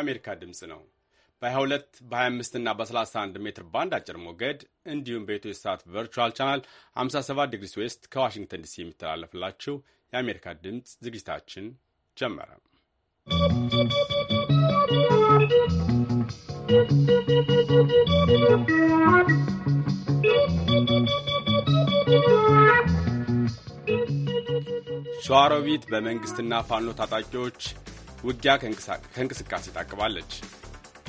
የአሜሪካ ድምፅ ነው። በ22 በ25 እና በ31 ሜትር ባንድ አጭር ሞገድ እንዲሁም በኢትዮ ሳት ቨርቹዋል ቻናል 57 ዲግሪስ ዌስት ከዋሽንግተን ዲሲ የሚተላለፍላችሁ የአሜሪካ ድምፅ ዝግጅታችን ጀመረ። ሸዋሮቢት በመንግሥትና ፋኖ ታጣቂዎች ውጊያ ከእንቅስቃሴ ታቅባለች።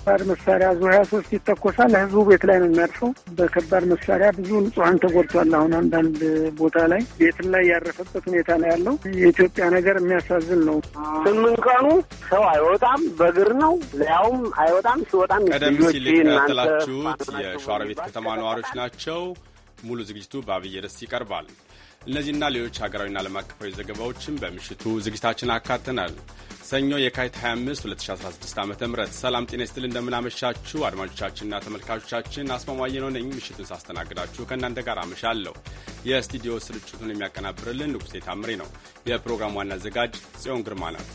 ከባድ መሳሪያ ዙ ሀያ ሶስት ይተኮሳል። ህዝቡ ቤት ላይ ነው የሚያርፈው። በከባድ መሳሪያ ብዙ ንጹሀን ተጎድቷል። አሁን አንዳንድ ቦታ ላይ ቤት ላይ ያረፈበት ሁኔታ ነው ያለው። የኢትዮጵያ ነገር የሚያሳዝን ነው። ስምንት ቀኑ ሰው አይወጣም፣ በእግር ነው ሊያውም አይወጣም። ሲወጣም ቀደም ሲል የተከታተላችሁት የሸዋሮቢት ከተማ ነዋሪዎች ናቸው። ሙሉ ዝግጅቱ በአብይ ርዕስ ይቀርባል። እነዚህና ሌሎች ሀገራዊና ዓለም አቀፋዊ ዘገባዎችን በምሽቱ ዝግጅታችን አካተናል። ሰኞ የካቲት 25 2016 ዓ ም ሰላም ጤና ስትል እንደምናመሻችሁ አድማጮቻችንና ተመልካቾቻችን አስማማየ ነው ነኝ። ምሽቱን ሳስተናግዳችሁ ከእናንተ ጋር አመሻለሁ። የስቱዲዮ ስርጭቱን የሚያቀናብርልን ንጉሴ ታምሬ ነው። የፕሮግራም ዋና አዘጋጅ ጽዮን ግርማ ናት።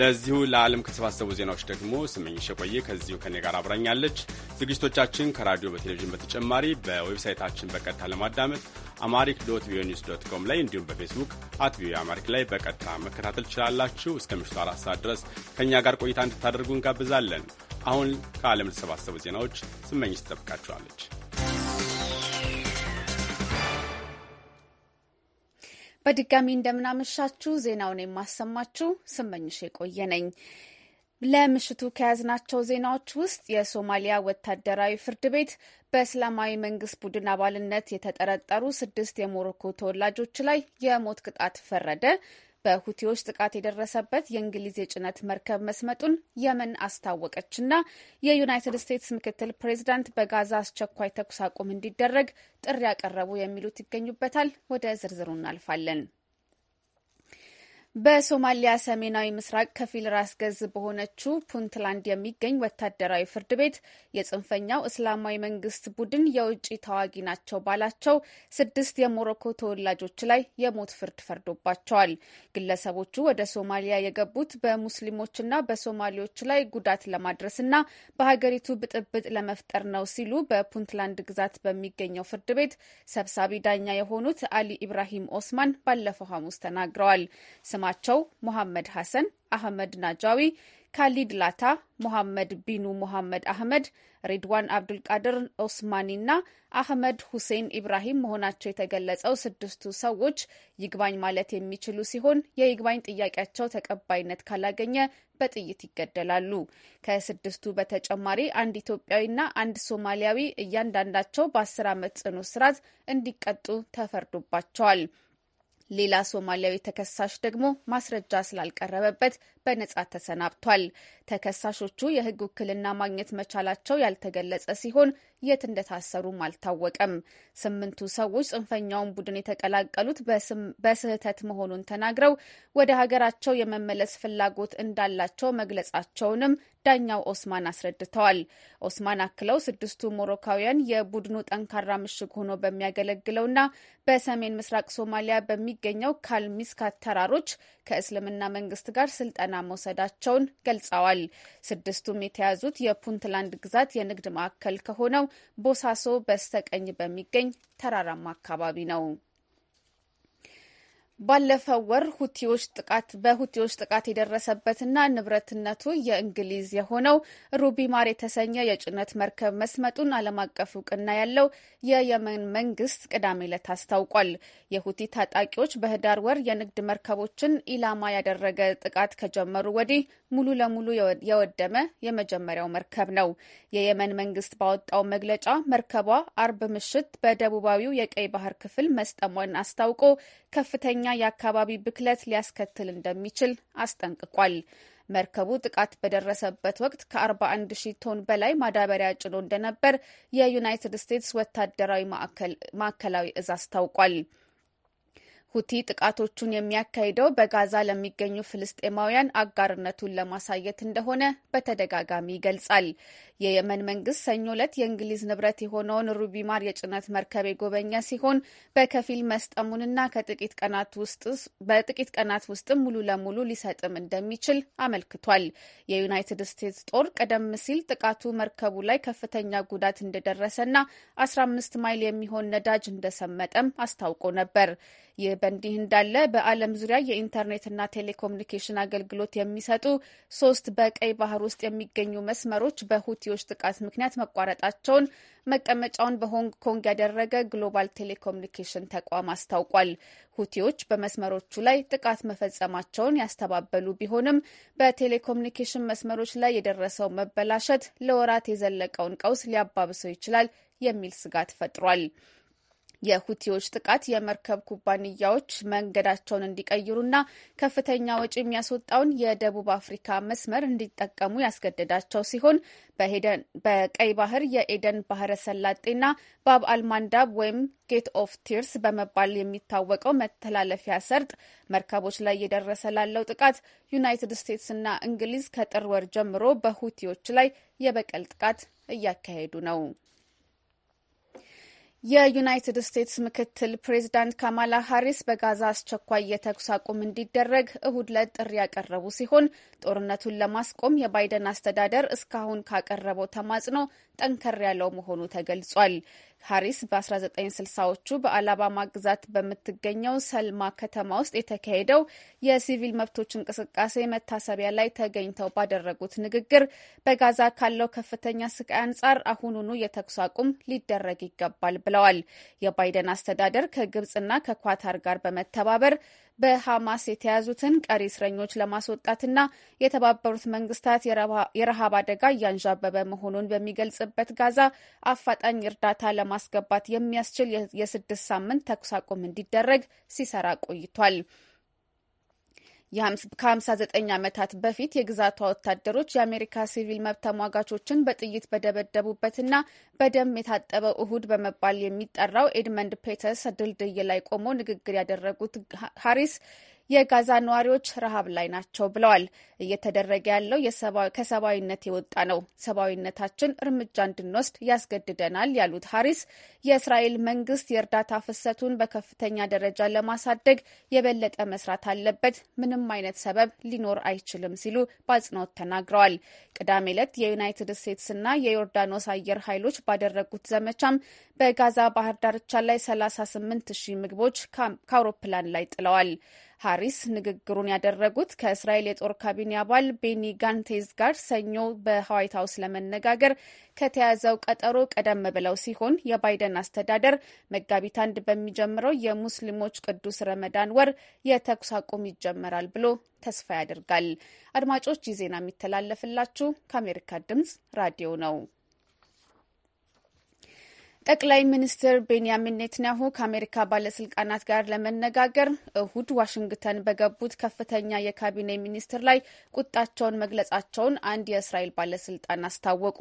ለዚሁ ለዓለም ከተሰባሰቡ ዜናዎች ደግሞ ስመኝሽ የቆየ ከዚሁ ከኔ ጋር አብራኛለች። ዝግጅቶቻችን ከራዲዮ በቴሌቪዥን በተጨማሪ በዌብሳይታችን በቀጥታ ለማዳመጥ አማሪክ ዶት ቪኦኤ ኒውስ ዶት ኮም ላይ እንዲሁም በፌስቡክ አት ቪኦኤ አማሪክ ላይ በቀጥታ መከታተል ትችላላችሁ። እስከ ምሽቱ አራት ሰዓት ድረስ ከእኛ ጋር ቆይታ እንድታደርጉ እንጋብዛለን። አሁን ከዓለም የተሰባሰቡ ዜናዎች ስመኝሽ ትጠብቃችኋለች። በድጋሚ እንደምናመሻችሁ ዜናውን የማሰማችሁ ስመኝሽ የቆየ ነኝ። ለምሽቱ ከያዝናቸው ዜናዎች ውስጥ የሶማሊያ ወታደራዊ ፍርድ ቤት በእስላማዊ መንግስት ቡድን አባልነት የተጠረጠሩ ስድስት የሞሮኮ ተወላጆች ላይ የሞት ቅጣት ፈረደ። በሁቲዎች ጥቃት የደረሰበት የእንግሊዝ የጭነት መርከብ መስመጡን የመን አስታወቀችና የዩናይትድ ስቴትስ ምክትል ፕሬዚዳንት በጋዛ አስቸኳይ ተኩስ አቁም እንዲደረግ ጥሪ ያቀረቡ የሚሉት ይገኙበታል። ወደ ዝርዝሩ እናልፋለን። በሶማሊያ ሰሜናዊ ምስራቅ ከፊል ራስ ገዝ በሆነችው ፑንትላንድ የሚገኝ ወታደራዊ ፍርድ ቤት የጽንፈኛው እስላማዊ መንግስት ቡድን የውጭ ተዋጊ ናቸው ባላቸው ስድስት የሞሮኮ ተወላጆች ላይ የሞት ፍርድ ፈርዶባቸዋል። ግለሰቦቹ ወደ ሶማሊያ የገቡት በሙስሊሞችና በሶማሌዎች ላይ ጉዳት ለማድረስና በሀገሪቱ ብጥብጥ ለመፍጠር ነው ሲሉ በፑንትላንድ ግዛት በሚገኘው ፍርድ ቤት ሰብሳቢ ዳኛ የሆኑት አሊ ኢብራሂም ኦስማን ባለፈው ሐሙስ ተናግረዋል። ስማቸው ሞሐመድ ሐሰን፣ አህመድ ናጃዊ፣ ካሊድ ላታ፣ ሞሐመድ ቢኑ ሞሐመድ አህመድ፣ ሪድዋን አብዱልቃድር እና አህመድ ሁሴን ኢብራሂም መሆናቸው የተገለጸው ስድስቱ ሰዎች ይግባኝ ማለት የሚችሉ ሲሆን የይግባኝ ጥያቄያቸው ተቀባይነት ካላገኘ በጥይት ይገደላሉ። ከስድስቱ በተጨማሪ አንድ ኢትዮጵያዊና አንድ ሶማሊያዊ እያንዳንዳቸው በአስር ዓመት ጽኑ እስራት እንዲቀጡ ተፈርዶባቸዋል። ሌላ ሶማሊያዊ ተከሳሽ ደግሞ ማስረጃ ስላልቀረበበት በነጻ ተሰናብቷል። ተከሳሾቹ የህግ ውክልና ማግኘት መቻላቸው ያልተገለጸ ሲሆን የት እንደታሰሩም አልታወቀም። ስምንቱ ሰዎች ጽንፈኛውን ቡድን የተቀላቀሉት በስህተት መሆኑን ተናግረው ወደ ሀገራቸው የመመለስ ፍላጎት እንዳላቸው መግለጻቸውንም ዳኛው ኦስማን አስረድተዋል። ኦስማን አክለው ስድስቱ ሞሮካውያን የቡድኑ ጠንካራ ምሽግ ሆኖ በሚያገለግለውና በሰሜን ምስራቅ ሶማሊያ በሚገኘው ካልሚስካት ተራሮች ከእስልምና መንግስት ጋር ስልጠና መውሰዳቸውን ገልጸዋል። ስድስቱም የተያዙት የፑንትላንድ ግዛት የንግድ ማዕከል ከሆነው ቦሳሶ በስተቀኝ በሚገኝ ተራራማ አካባቢ ነው። ባለፈው ወር ሁቲዎች ጥቃት በሁቲዎች ጥቃት የደረሰበትና ንብረትነቱ የእንግሊዝ የሆነው ሩቢ ማር የተሰኘ የጭነት መርከብ መስመጡን ዓለም አቀፍ እውቅና ያለው የየመን መንግስት ቅዳሜ ዕለት አስታውቋል። የሁቲ ታጣቂዎች በህዳር ወር የንግድ መርከቦችን ኢላማ ያደረገ ጥቃት ከጀመሩ ወዲህ ሙሉ ለሙሉ የወደመ የመጀመሪያው መርከብ ነው። የየመን መንግስት ባወጣው መግለጫ መርከቧ አርብ ምሽት በደቡባዊው የቀይ ባህር ክፍል መስጠሟን አስታውቆ ከፍተኛ የአካባቢ ብክለት ሊያስከትል እንደሚችል አስጠንቅቋል። መርከቡ ጥቃት በደረሰበት ወቅት ከ41 ሺ ቶን በላይ ማዳበሪያ ጭኖ እንደነበር የዩናይትድ ስቴትስ ወታደራዊ ማዕከላዊ እዝ አስታውቋል። ሁቲ ጥቃቶቹን የሚያካሂደው በጋዛ ለሚገኙ ፍልስጤማውያን አጋርነቱን ለማሳየት እንደሆነ በተደጋጋሚ ይገልጻል። የየመን መንግስት ሰኞ ዕለት የእንግሊዝ ንብረት የሆነውን ሩቢማር የጭነት መርከብ የጎበኘ ሲሆን በከፊል መስጠሙንና ከጥቂት ቀናት ውስጥ በጥቂት ቀናት ውስጥም ሙሉ ለሙሉ ሊሰጥም እንደሚችል አመልክቷል። የዩናይትድ ስቴትስ ጦር ቀደም ሲል ጥቃቱ መርከቡ ላይ ከፍተኛ ጉዳት እንደደረሰና 15 ማይል የሚሆን ነዳጅ እንደሰመጠም አስታውቆ ነበር። ይህ በእንዲህ እንዳለ በዓለም ዙሪያ የኢንተርኔትና ቴሌኮሙኒኬሽን አገልግሎት የሚሰጡ ሶስት በቀይ ባህር ውስጥ የሚገኙ መስመሮች በሁቲዎች ጥቃት ምክንያት መቋረጣቸውን መቀመጫውን በሆንግ ኮንግ ያደረገ ግሎባል ቴሌኮሙኒኬሽን ተቋም አስታውቋል። ሁቲዎች በመስመሮቹ ላይ ጥቃት መፈጸማቸውን ያስተባበሉ ቢሆንም በቴሌኮሙኒኬሽን መስመሮች ላይ የደረሰው መበላሸት ለወራት የዘለቀውን ቀውስ ሊያባብሰው ይችላል የሚል ስጋት ፈጥሯል። የሁቲዎች ጥቃት የመርከብ ኩባንያዎች መንገዳቸውን እንዲቀይሩና ከፍተኛ ወጪ የሚያስወጣውን የደቡብ አፍሪካ መስመር እንዲጠቀሙ ያስገደዳቸው ሲሆን በቀይ ባህር የኤደን ባህረ ሰላጤና ባብ አልማንዳብ ወይም ጌት ኦፍ ቲርስ በመባል የሚታወቀው መተላለፊያ ሰርጥ መርከቦች ላይ እየደረሰ ላለው ጥቃት ዩናይትድ ስቴትስና እንግሊዝ ከጥር ወር ጀምሮ በሁቲዎች ላይ የበቀል ጥቃት እያካሄዱ ነው። የዩናይትድ ስቴትስ ምክትል ፕሬዚዳንት ካማላ ሀሪስ በጋዛ አስቸኳይ የተኩስ አቁም እንዲደረግ እሁድ ዕለት ጥሪ ያቀረቡ ሲሆን ጦርነቱን ለማስቆም የባይደን አስተዳደር እስካሁን ካቀረበው ተማጽኖ ጠንከር ያለው መሆኑ ተገልጿል። ሃሪስ በ1960ዎቹ በአላባማ ግዛት በምትገኘው ሰልማ ከተማ ውስጥ የተካሄደው የሲቪል መብቶች እንቅስቃሴ መታሰቢያ ላይ ተገኝተው ባደረጉት ንግግር በጋዛ ካለው ከፍተኛ ስቃይ አንጻር አሁኑኑ የተኩስ አቁም ሊደረግ ይገባል ብለዋል። የባይደን አስተዳደር ከግብጽና ከኳታር ጋር በመተባበር በሐማስ የተያዙትን ቀሪ እስረኞች ለማስወጣትና የተባበሩት መንግስታት የረሃብ አደጋ እያንዣበበ መሆኑን በሚገልጽበት ጋዛ አፋጣኝ እርዳታ ለማስገባት የሚያስችል የስድስት ሳምንት ተኩስ አቁም እንዲደረግ ሲሰራ ቆይቷል። ከ59 ዓመታት በፊት የግዛቷ ወታደሮች የአሜሪካ ሲቪል መብት ተሟጋቾችን በጥይት በደበደቡበትና በደም የታጠበው እሁድ በመባል የሚጠራው ኤድመንድ ፔተርስ ድልድይ ላይ ቆሞ ንግግር ያደረጉት ሀሪስ የጋዛ ነዋሪዎች ረሃብ ላይ ናቸው ብለዋል። እየተደረገ ያለው ከሰብአዊነት የወጣ ነው፣ ሰብአዊነታችን እርምጃ እንድንወስድ ያስገድደናል ያሉት ሀሪስ የእስራኤል መንግስት የእርዳታ ፍሰቱን በከፍተኛ ደረጃ ለማሳደግ የበለጠ መስራት አለበት፣ ምንም አይነት ሰበብ ሊኖር አይችልም ሲሉ በአጽንኦት ተናግረዋል። ቅዳሜ ዕለት የዩናይትድ ስቴትስና የዮርዳኖስ አየር ኃይሎች ባደረጉት ዘመቻም በጋዛ ባህር ዳርቻ ላይ 38 ሺህ ምግቦች ከአውሮፕላን ላይ ጥለዋል። ሃሪስ ንግግሩን ያደረጉት ከእስራኤል የጦር ካቢኔ አባል ቤኒ ጋንቴዝ ጋር ሰኞ በዋይት ሀውስ ለመነጋገር ከተያዘው ቀጠሮ ቀደም ብለው ሲሆን የባይደን አስተዳደር መጋቢት አንድ በሚጀምረው የሙስሊሞች ቅዱስ ረመዳን ወር የተኩስ አቁም ይጀመራል ብሎ ተስፋ ያደርጋል። አድማጮች ይህ ዜና የሚተላለፍላችሁ ከአሜሪካ ድምጽ ራዲዮ ነው። ጠቅላይ ሚኒስትር ቤንያሚን ኔትንያሁ ከአሜሪካ ባለስልጣናት ጋር ለመነጋገር እሁድ ዋሽንግተን በገቡት ከፍተኛ የካቢኔ ሚኒስትር ላይ ቁጣቸውን መግለጻቸውን አንድ የእስራኤል ባለስልጣን አስታወቁ።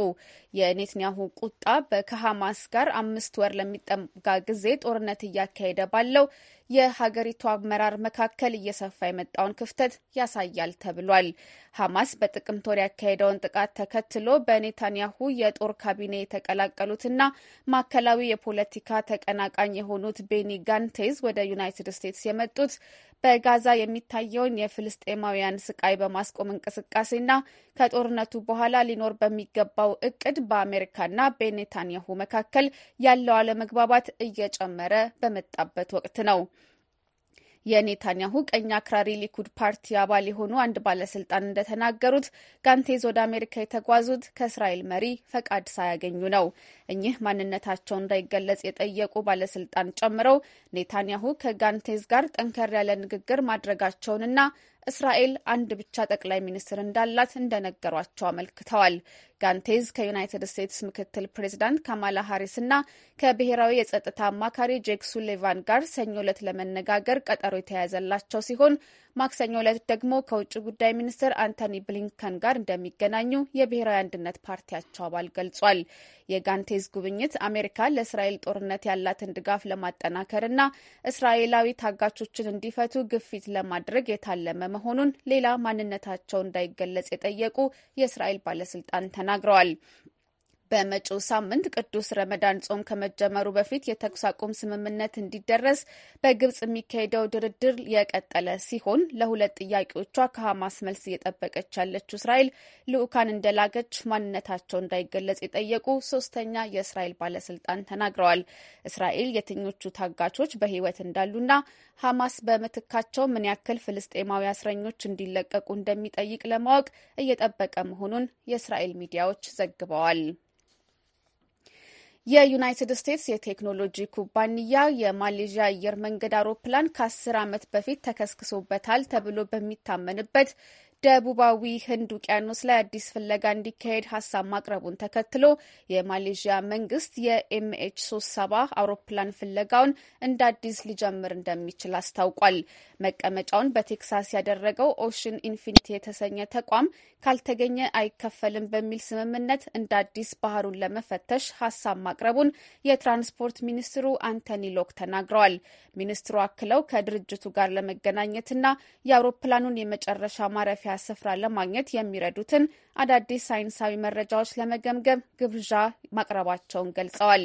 የኔትንያሁ ቁጣ ከሐማስ ጋር አምስት ወር ለሚጠጋ ጊዜ ጦርነት እያካሄደ ባለው የሀገሪቱ አመራር መካከል እየሰፋ የመጣውን ክፍተት ያሳያል ተብሏል። ሐማስ በጥቅምት ወር ያካሄደውን ጥቃት ተከትሎ በኔታንያሁ የጦር ካቢኔ የተቀላቀሉትና ማዕከላዊ የፖለቲካ ተቀናቃኝ የሆኑት ቤኒ ጋንቴዝ ወደ ዩናይትድ ስቴትስ የመጡት በጋዛ የሚታየውን የፍልስጤማውያን ስቃይ በማስቆም እንቅስቃሴና ከጦርነቱ በኋላ ሊኖር በሚገባው እቅድ በአሜሪካና በኔታንያሁ መካከል ያለው አለመግባባት እየጨመረ በመጣበት ወቅት ነው። የኔታንያሁ ቀኝ አክራሪ ሊኩድ ፓርቲ አባል የሆኑ አንድ ባለስልጣን እንደተናገሩት ጋንቴዝ ወደ አሜሪካ የተጓዙት ከእስራኤል መሪ ፈቃድ ሳያገኙ ነው። እኚህ ማንነታቸው እንዳይገለጽ የጠየቁ ባለስልጣን ጨምረው ኔታንያሁ ከጋንቴዝ ጋር ጠንከር ያለ ንግግር ማድረጋቸውንና እስራኤል አንድ ብቻ ጠቅላይ ሚኒስትር እንዳላት እንደነገሯቸው አመልክተዋል። ጋንቴዝ ከዩናይትድ ስቴትስ ምክትል ፕሬዚዳንት ካማላ ሀሪስ እና ከብሔራዊ የጸጥታ አማካሪ ጄክ ሱሊቫን ጋር ሰኞ ዕለት ለመነጋገር ቀጠሮ የተያያዘላቸው ሲሆን ማክሰኞ ዕለት ደግሞ ከውጭ ጉዳይ ሚኒስትር አንቶኒ ብሊንከን ጋር እንደሚገናኙ የብሔራዊ አንድነት ፓርቲያቸው አባል ገልጿል። የጋንቴዝ ጉብኝት አሜሪካ ለእስራኤል ጦርነት ያላትን ድጋፍ ለማጠናከርና እስራኤላዊ ታጋቾችን እንዲፈቱ ግፊት ለማድረግ የታለመ መሆኑን ሌላ ማንነታቸው እንዳይገለጽ የጠየቁ የእስራኤል ባለስልጣን ተናግረዋል። በመጪው ሳምንት ቅዱስ ረመዳን ጾም ከመጀመሩ በፊት የተኩስ አቁም ስምምነት እንዲደረስ በግብጽ የሚካሄደው ድርድር የቀጠለ ሲሆን ለሁለት ጥያቄዎቿ ከሐማስ መልስ እየጠበቀች ያለችው እስራኤል ልዑካን እንደላገች ማንነታቸው እንዳይገለጽ የጠየቁ ሶስተኛ የእስራኤል ባለስልጣን ተናግረዋል። እስራኤል የትኞቹ ታጋቾች በሕይወት እንዳሉና ሐማስ በምትካቸው ምን ያክል ፍልስጤማዊ እስረኞች እንዲለቀቁ እንደሚጠይቅ ለማወቅ እየጠበቀ መሆኑን የእስራኤል ሚዲያዎች ዘግበዋል። የዩናይትድ ስቴትስ የቴክኖሎጂ ኩባንያ የማሌዥያ አየር መንገድ አውሮፕላን ከአስር ዓመት በፊት ተከስክሶበታል ተብሎ በሚታመንበት ደቡባዊ ህንድ ውቅያኖስ ላይ አዲስ ፍለጋ እንዲካሄድ ሀሳብ ማቅረቡን ተከትሎ የማሌዥያ መንግስት የኤምኤች ሶስት አውሮፕላን ፍለጋውን እንደ አዲስ ሊጀምር እንደሚችል አስታውቋል። መቀመጫውን በቴክሳስ ያደረገው ኦሽን ኢንፊኒቲ የተሰኘ ተቋም ካልተገኘ አይከፈልም በሚል ስምምነት እንደ አዲስ ባህሩን ለመፈተሽ ሀሳብ ማቅረቡን የትራንስፖርት ሚኒስትሩ አንቶኒ ሎክ ተናግረዋል። ሚኒስትሩ አክለው ከድርጅቱ ጋር ለመገናኘትና የአውሮፕላኑን የመጨረሻ ማረፊያ የማምረቻ ስፍራ ለማግኘት የሚረዱትን አዳዲስ ሳይንሳዊ መረጃዎች ለመገምገም ግብዣ ማቅረባቸውን ገልጸዋል።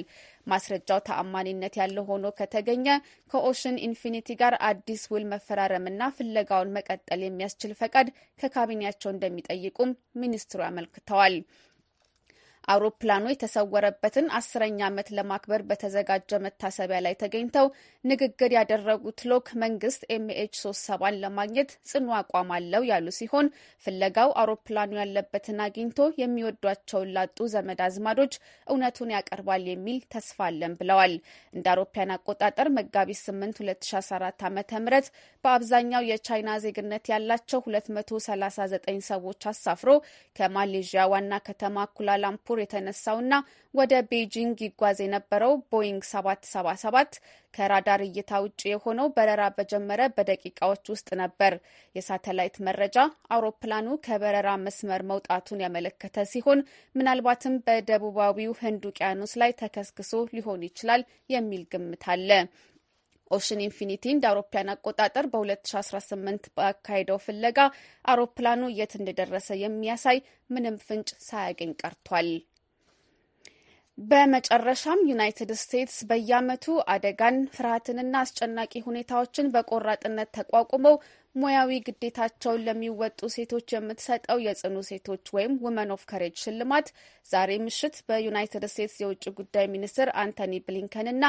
ማስረጃው ተአማኒነት ያለው ሆኖ ከተገኘ ከኦሽን ኢንፊኒቲ ጋር አዲስ ውል መፈራረምና ፍለጋውን መቀጠል የሚያስችል ፈቃድ ከካቢኔያቸው እንደሚጠይቁም ሚኒስትሩ አመልክተዋል። አውሮፕላኑ የተሰወረበትን አስረኛ ዓመት ለማክበር በተዘጋጀ መታሰቢያ ላይ ተገኝተው ንግግር ያደረጉት ሎክ መንግስት ኤምኤች 37 ሰባን ለማግኘት ጽኑ አቋም አለው ያሉ ሲሆን ፍለጋው አውሮፕላኑ ያለበትን አግኝቶ የሚወዷቸውን ላጡ ዘመድ አዝማዶች እውነቱን ያቀርባል የሚል ተስፋ አለን ብለዋል። እንደ አውሮፓያን አቆጣጠር መጋቢት 8 2014 ዓ ም በአብዛኛው የቻይና ዜግነት ያላቸው 239 ሰዎች አሳፍሮ ከማሌዥያ ዋና ከተማ ኩላላምፑር ሲንጋፖር የተነሳውና ወደ ቤጂንግ ይጓዝ የነበረው ቦይንግ 777 ከራዳር እይታ ውጭ የሆነው በረራ በጀመረ በደቂቃዎች ውስጥ ነበር። የሳተላይት መረጃ አውሮፕላኑ ከበረራ መስመር መውጣቱን ያመለከተ ሲሆን ምናልባትም በደቡባዊው ህንድ ውቅያኖስ ላይ ተከስክሶ ሊሆን ይችላል የሚል ግምት አለ። ኦሽን ኢንፊኒቲ እንደ አውሮፓያን አቆጣጠር በ2018 ባካሄደው ፍለጋ አውሮፕላኑ የት እንደደረሰ የሚያሳይ ምንም ፍንጭ ሳያገኝ ቀርቷል። በመጨረሻም ዩናይትድ ስቴትስ በየዓመቱ አደጋን፣ ፍርሃትንና አስጨናቂ ሁኔታዎችን በቆራጥነት ተቋቁመው ሙያዊ ግዴታቸውን ለሚወጡ ሴቶች የምትሰጠው የጽኑ ሴቶች ወይም ውመን ኦፍ ከሬጅ ሽልማት ዛሬ ምሽት በዩናይትድ ስቴትስ የውጭ ጉዳይ ሚኒስትር አንቶኒ እና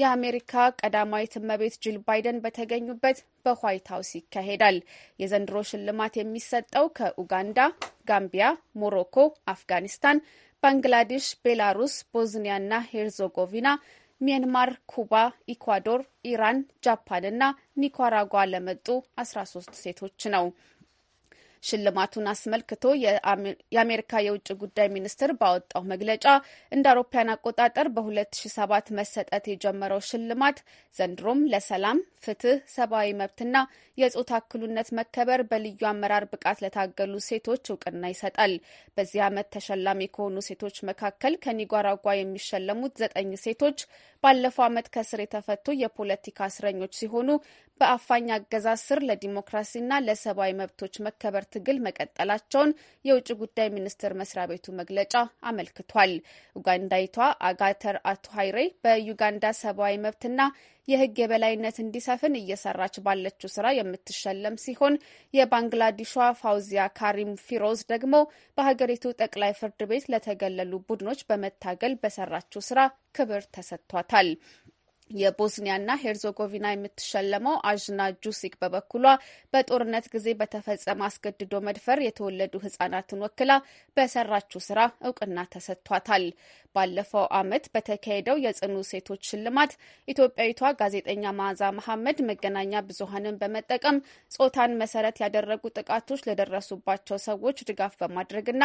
የአሜሪካ ቀዳማዊት እመቤት ጂል ባይደን በተገኙበት በዋይት ሀውስ ይካሄዳል። የዘንድሮ ሽልማት የሚሰጠው ከኡጋንዳ፣ ጋምቢያ፣ ሞሮኮ፣ አፍጋኒስታን፣ ባንግላዴሽ፣ ቤላሩስ፣ ቦዝኒያ እና ሄርዞጎቪና ሚያንማር፣ ኩባ፣ ኢኳዶር፣ ኢራን፣ ጃፓን እና ኒካራጓ ለመጡ 13 ሴቶች ነው። ሽልማቱን አስመልክቶ የአሜሪካ የውጭ ጉዳይ ሚኒስቴር ባወጣው መግለጫ እንደ አውሮፓያን አቆጣጠር በ2007 መሰጠት የጀመረው ሽልማት ዘንድሮም ለሰላም፣ ፍትህ፣ ሰብአዊ መብትና የጾታ እኩልነት መከበር በልዩ አመራር ብቃት ለታገሉ ሴቶች እውቅና ይሰጣል። በዚህ ዓመት ተሸላሚ ከሆኑ ሴቶች መካከል ከኒጓራጓ የሚሸለሙት ዘጠኝ ሴቶች ባለፈው ዓመት ከስር የተፈቱ የፖለቲካ እስረኞች ሲሆኑ በአፋኝ አገዛዝ ስር ለዲሞክራሲና ለሰብአዊ መብቶች መከበር ትግል መቀጠላቸውን የውጭ ጉዳይ ሚኒስቴር መስሪያ ቤቱ መግለጫ አመልክቷል። ኡጋንዳዊቷ አጋተር አቱሃይሬ በዩጋንዳ ሰብአዊ መብትና የህግ የበላይነት እንዲሰፍን እየሰራች ባለችው ስራ የምትሸለም ሲሆን የባንግላዲሿ ፋውዚያ ካሪም ፊሮዝ ደግሞ በሀገሪቱ ጠቅላይ ፍርድ ቤት ለተገለሉ ቡድኖች በመታገል በሰራችው ስራ ክብር ተሰጥቷታል። የቦስኒያና ሄርዞጎቪና የምትሸለመው አዥና ጁሲክ በበኩሏ በጦርነት ጊዜ በተፈጸመ አስገድዶ መድፈር የተወለዱ ህጻናትን ወክላ በሰራችው ስራ እውቅና ተሰጥቷታል። ባለፈው አመት በተካሄደው የጽኑ ሴቶች ሽልማት ኢትዮጵያዊቷ ጋዜጠኛ መዓዛ መሐመድ መገናኛ ብዙሀንን በመጠቀም ጾታን መሰረት ያደረጉ ጥቃቶች ለደረሱባቸው ሰዎች ድጋፍ በማድረግና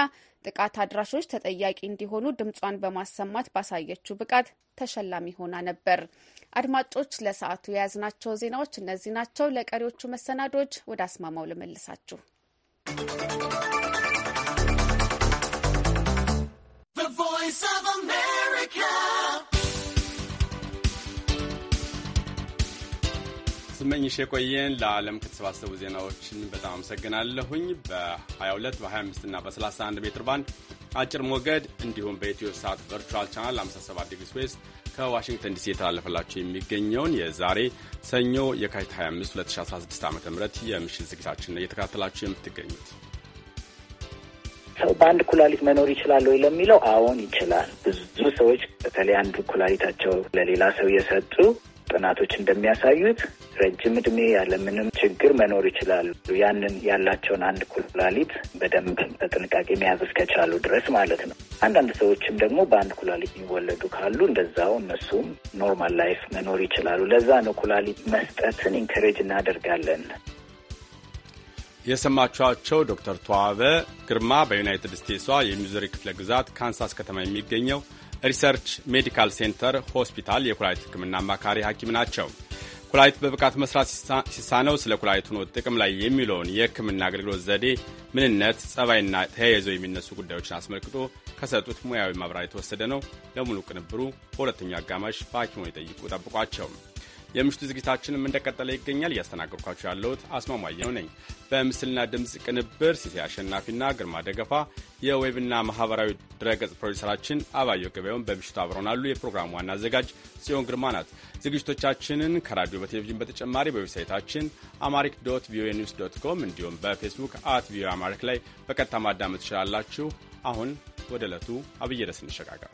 ጥቃት አድራሾች ተጠያቂ እንዲሆኑ ድምጿን በማሰማት ባሳየችው ብቃት ተሸላሚ ሆና ነበር። አድማጮች ለሰዓቱ የያዝናቸው ዜናዎች እነዚህ ናቸው። ለቀሪዎቹ መሰናዶች ወደ አስማማው ልመልሳችሁ። ስመኝሽ የቆየን ለዓለም ከተሰባሰቡ ዜናዎችን በጣም አመሰግናለሁኝ። በ22 በ25 እና በ31 ሜትር ባንድ አጭር ሞገድ እንዲሁም በኢትዮ ሳት ቨርቹዋል ቻናል 57 ዲግሪ ስዌስት ከዋሽንግተን ዲሲ የተላለፈላቸው የሚገኘውን የዛሬ ሰኞ የካቲት 25 2016 ዓ ም የምሽት ዝግጅታችን እየተከታተላችሁ የምትገኙት ሰው በአንድ ኩላሊት መኖር ይችላል ወይ ለሚለው፣ አዎን ይችላል። ብዙ ሰዎች በተለይ አንዱ ኩላሊታቸው ለሌላ ሰው የሰጡ ጥናቶች እንደሚያሳዩት ረጅም እድሜ ያለምንም ችግር መኖር ይችላሉ። ያንን ያላቸውን አንድ ኩላሊት በደንብ በጥንቃቄ መያዝ እስከቻሉ ድረስ ማለት ነው። አንዳንድ ሰዎችም ደግሞ በአንድ ኩላሊት የሚወለዱ ካሉ እንደዛው እነሱም ኖርማል ላይፍ መኖር ይችላሉ። ለዛ ነው ኩላሊት መስጠትን ኢንከሬጅ እናደርጋለን። የሰማችኋቸው ዶክተር ተዋበ ግርማ በዩናይትድ ስቴትሷ የሚዙሪ ክፍለ ግዛት ካንሳስ ከተማ የሚገኘው ሪሰርች ሜዲካል ሴንተር ሆስፒታል የኩላሊት ሕክምና አማካሪ ሐኪም ናቸው። ኩላሊት በብቃት መስራት ሲሳነው ስለ ኩላሊት ነው ጥቅም ላይ የሚለውን የሕክምና አገልግሎት ዘዴ ምንነት፣ ጸባይና ተያይዘው የሚነሱ ጉዳዮችን አስመልክቶ ከሰጡት ሙያዊ ማብራሪያ የተወሰደ ነው። ለሙሉ ቅንብሩ በሁለተኛው አጋማሽ በሐኪሞን ይጠይቁ ጠብቋቸው። የምሽቱ ዝግጅታችንም እንደቀጠለ ይገኛል። እያስተናገድኳችሁ ያለሁት አስማማየው ነኝ። በምስልና ድምፅ ቅንብር ሲሴ አሸናፊና ግርማ ደገፋ፣ የዌብና ማህበራዊ ድረገጽ ፕሮዲሰራችን አባየው ገበያውን በምሽቱ አብረውናሉ። የፕሮግራሙ ዋና አዘጋጅ ጽዮን ግርማ ናት። ዝግጅቶቻችንን ከራዲዮ በቴሌቪዥን በተጨማሪ በዌብሳይታችን አማሪክ ዶት ቪኦኤ ኒውስ ዶት ኮም እንዲሁም በፌስቡክ አት ቪኦኤ አማሪክ ላይ በቀጥታ ማዳመጥ ትችላላችሁ። አሁን ወደ ዕለቱ አብይ ርዕስ እንሸጋገር።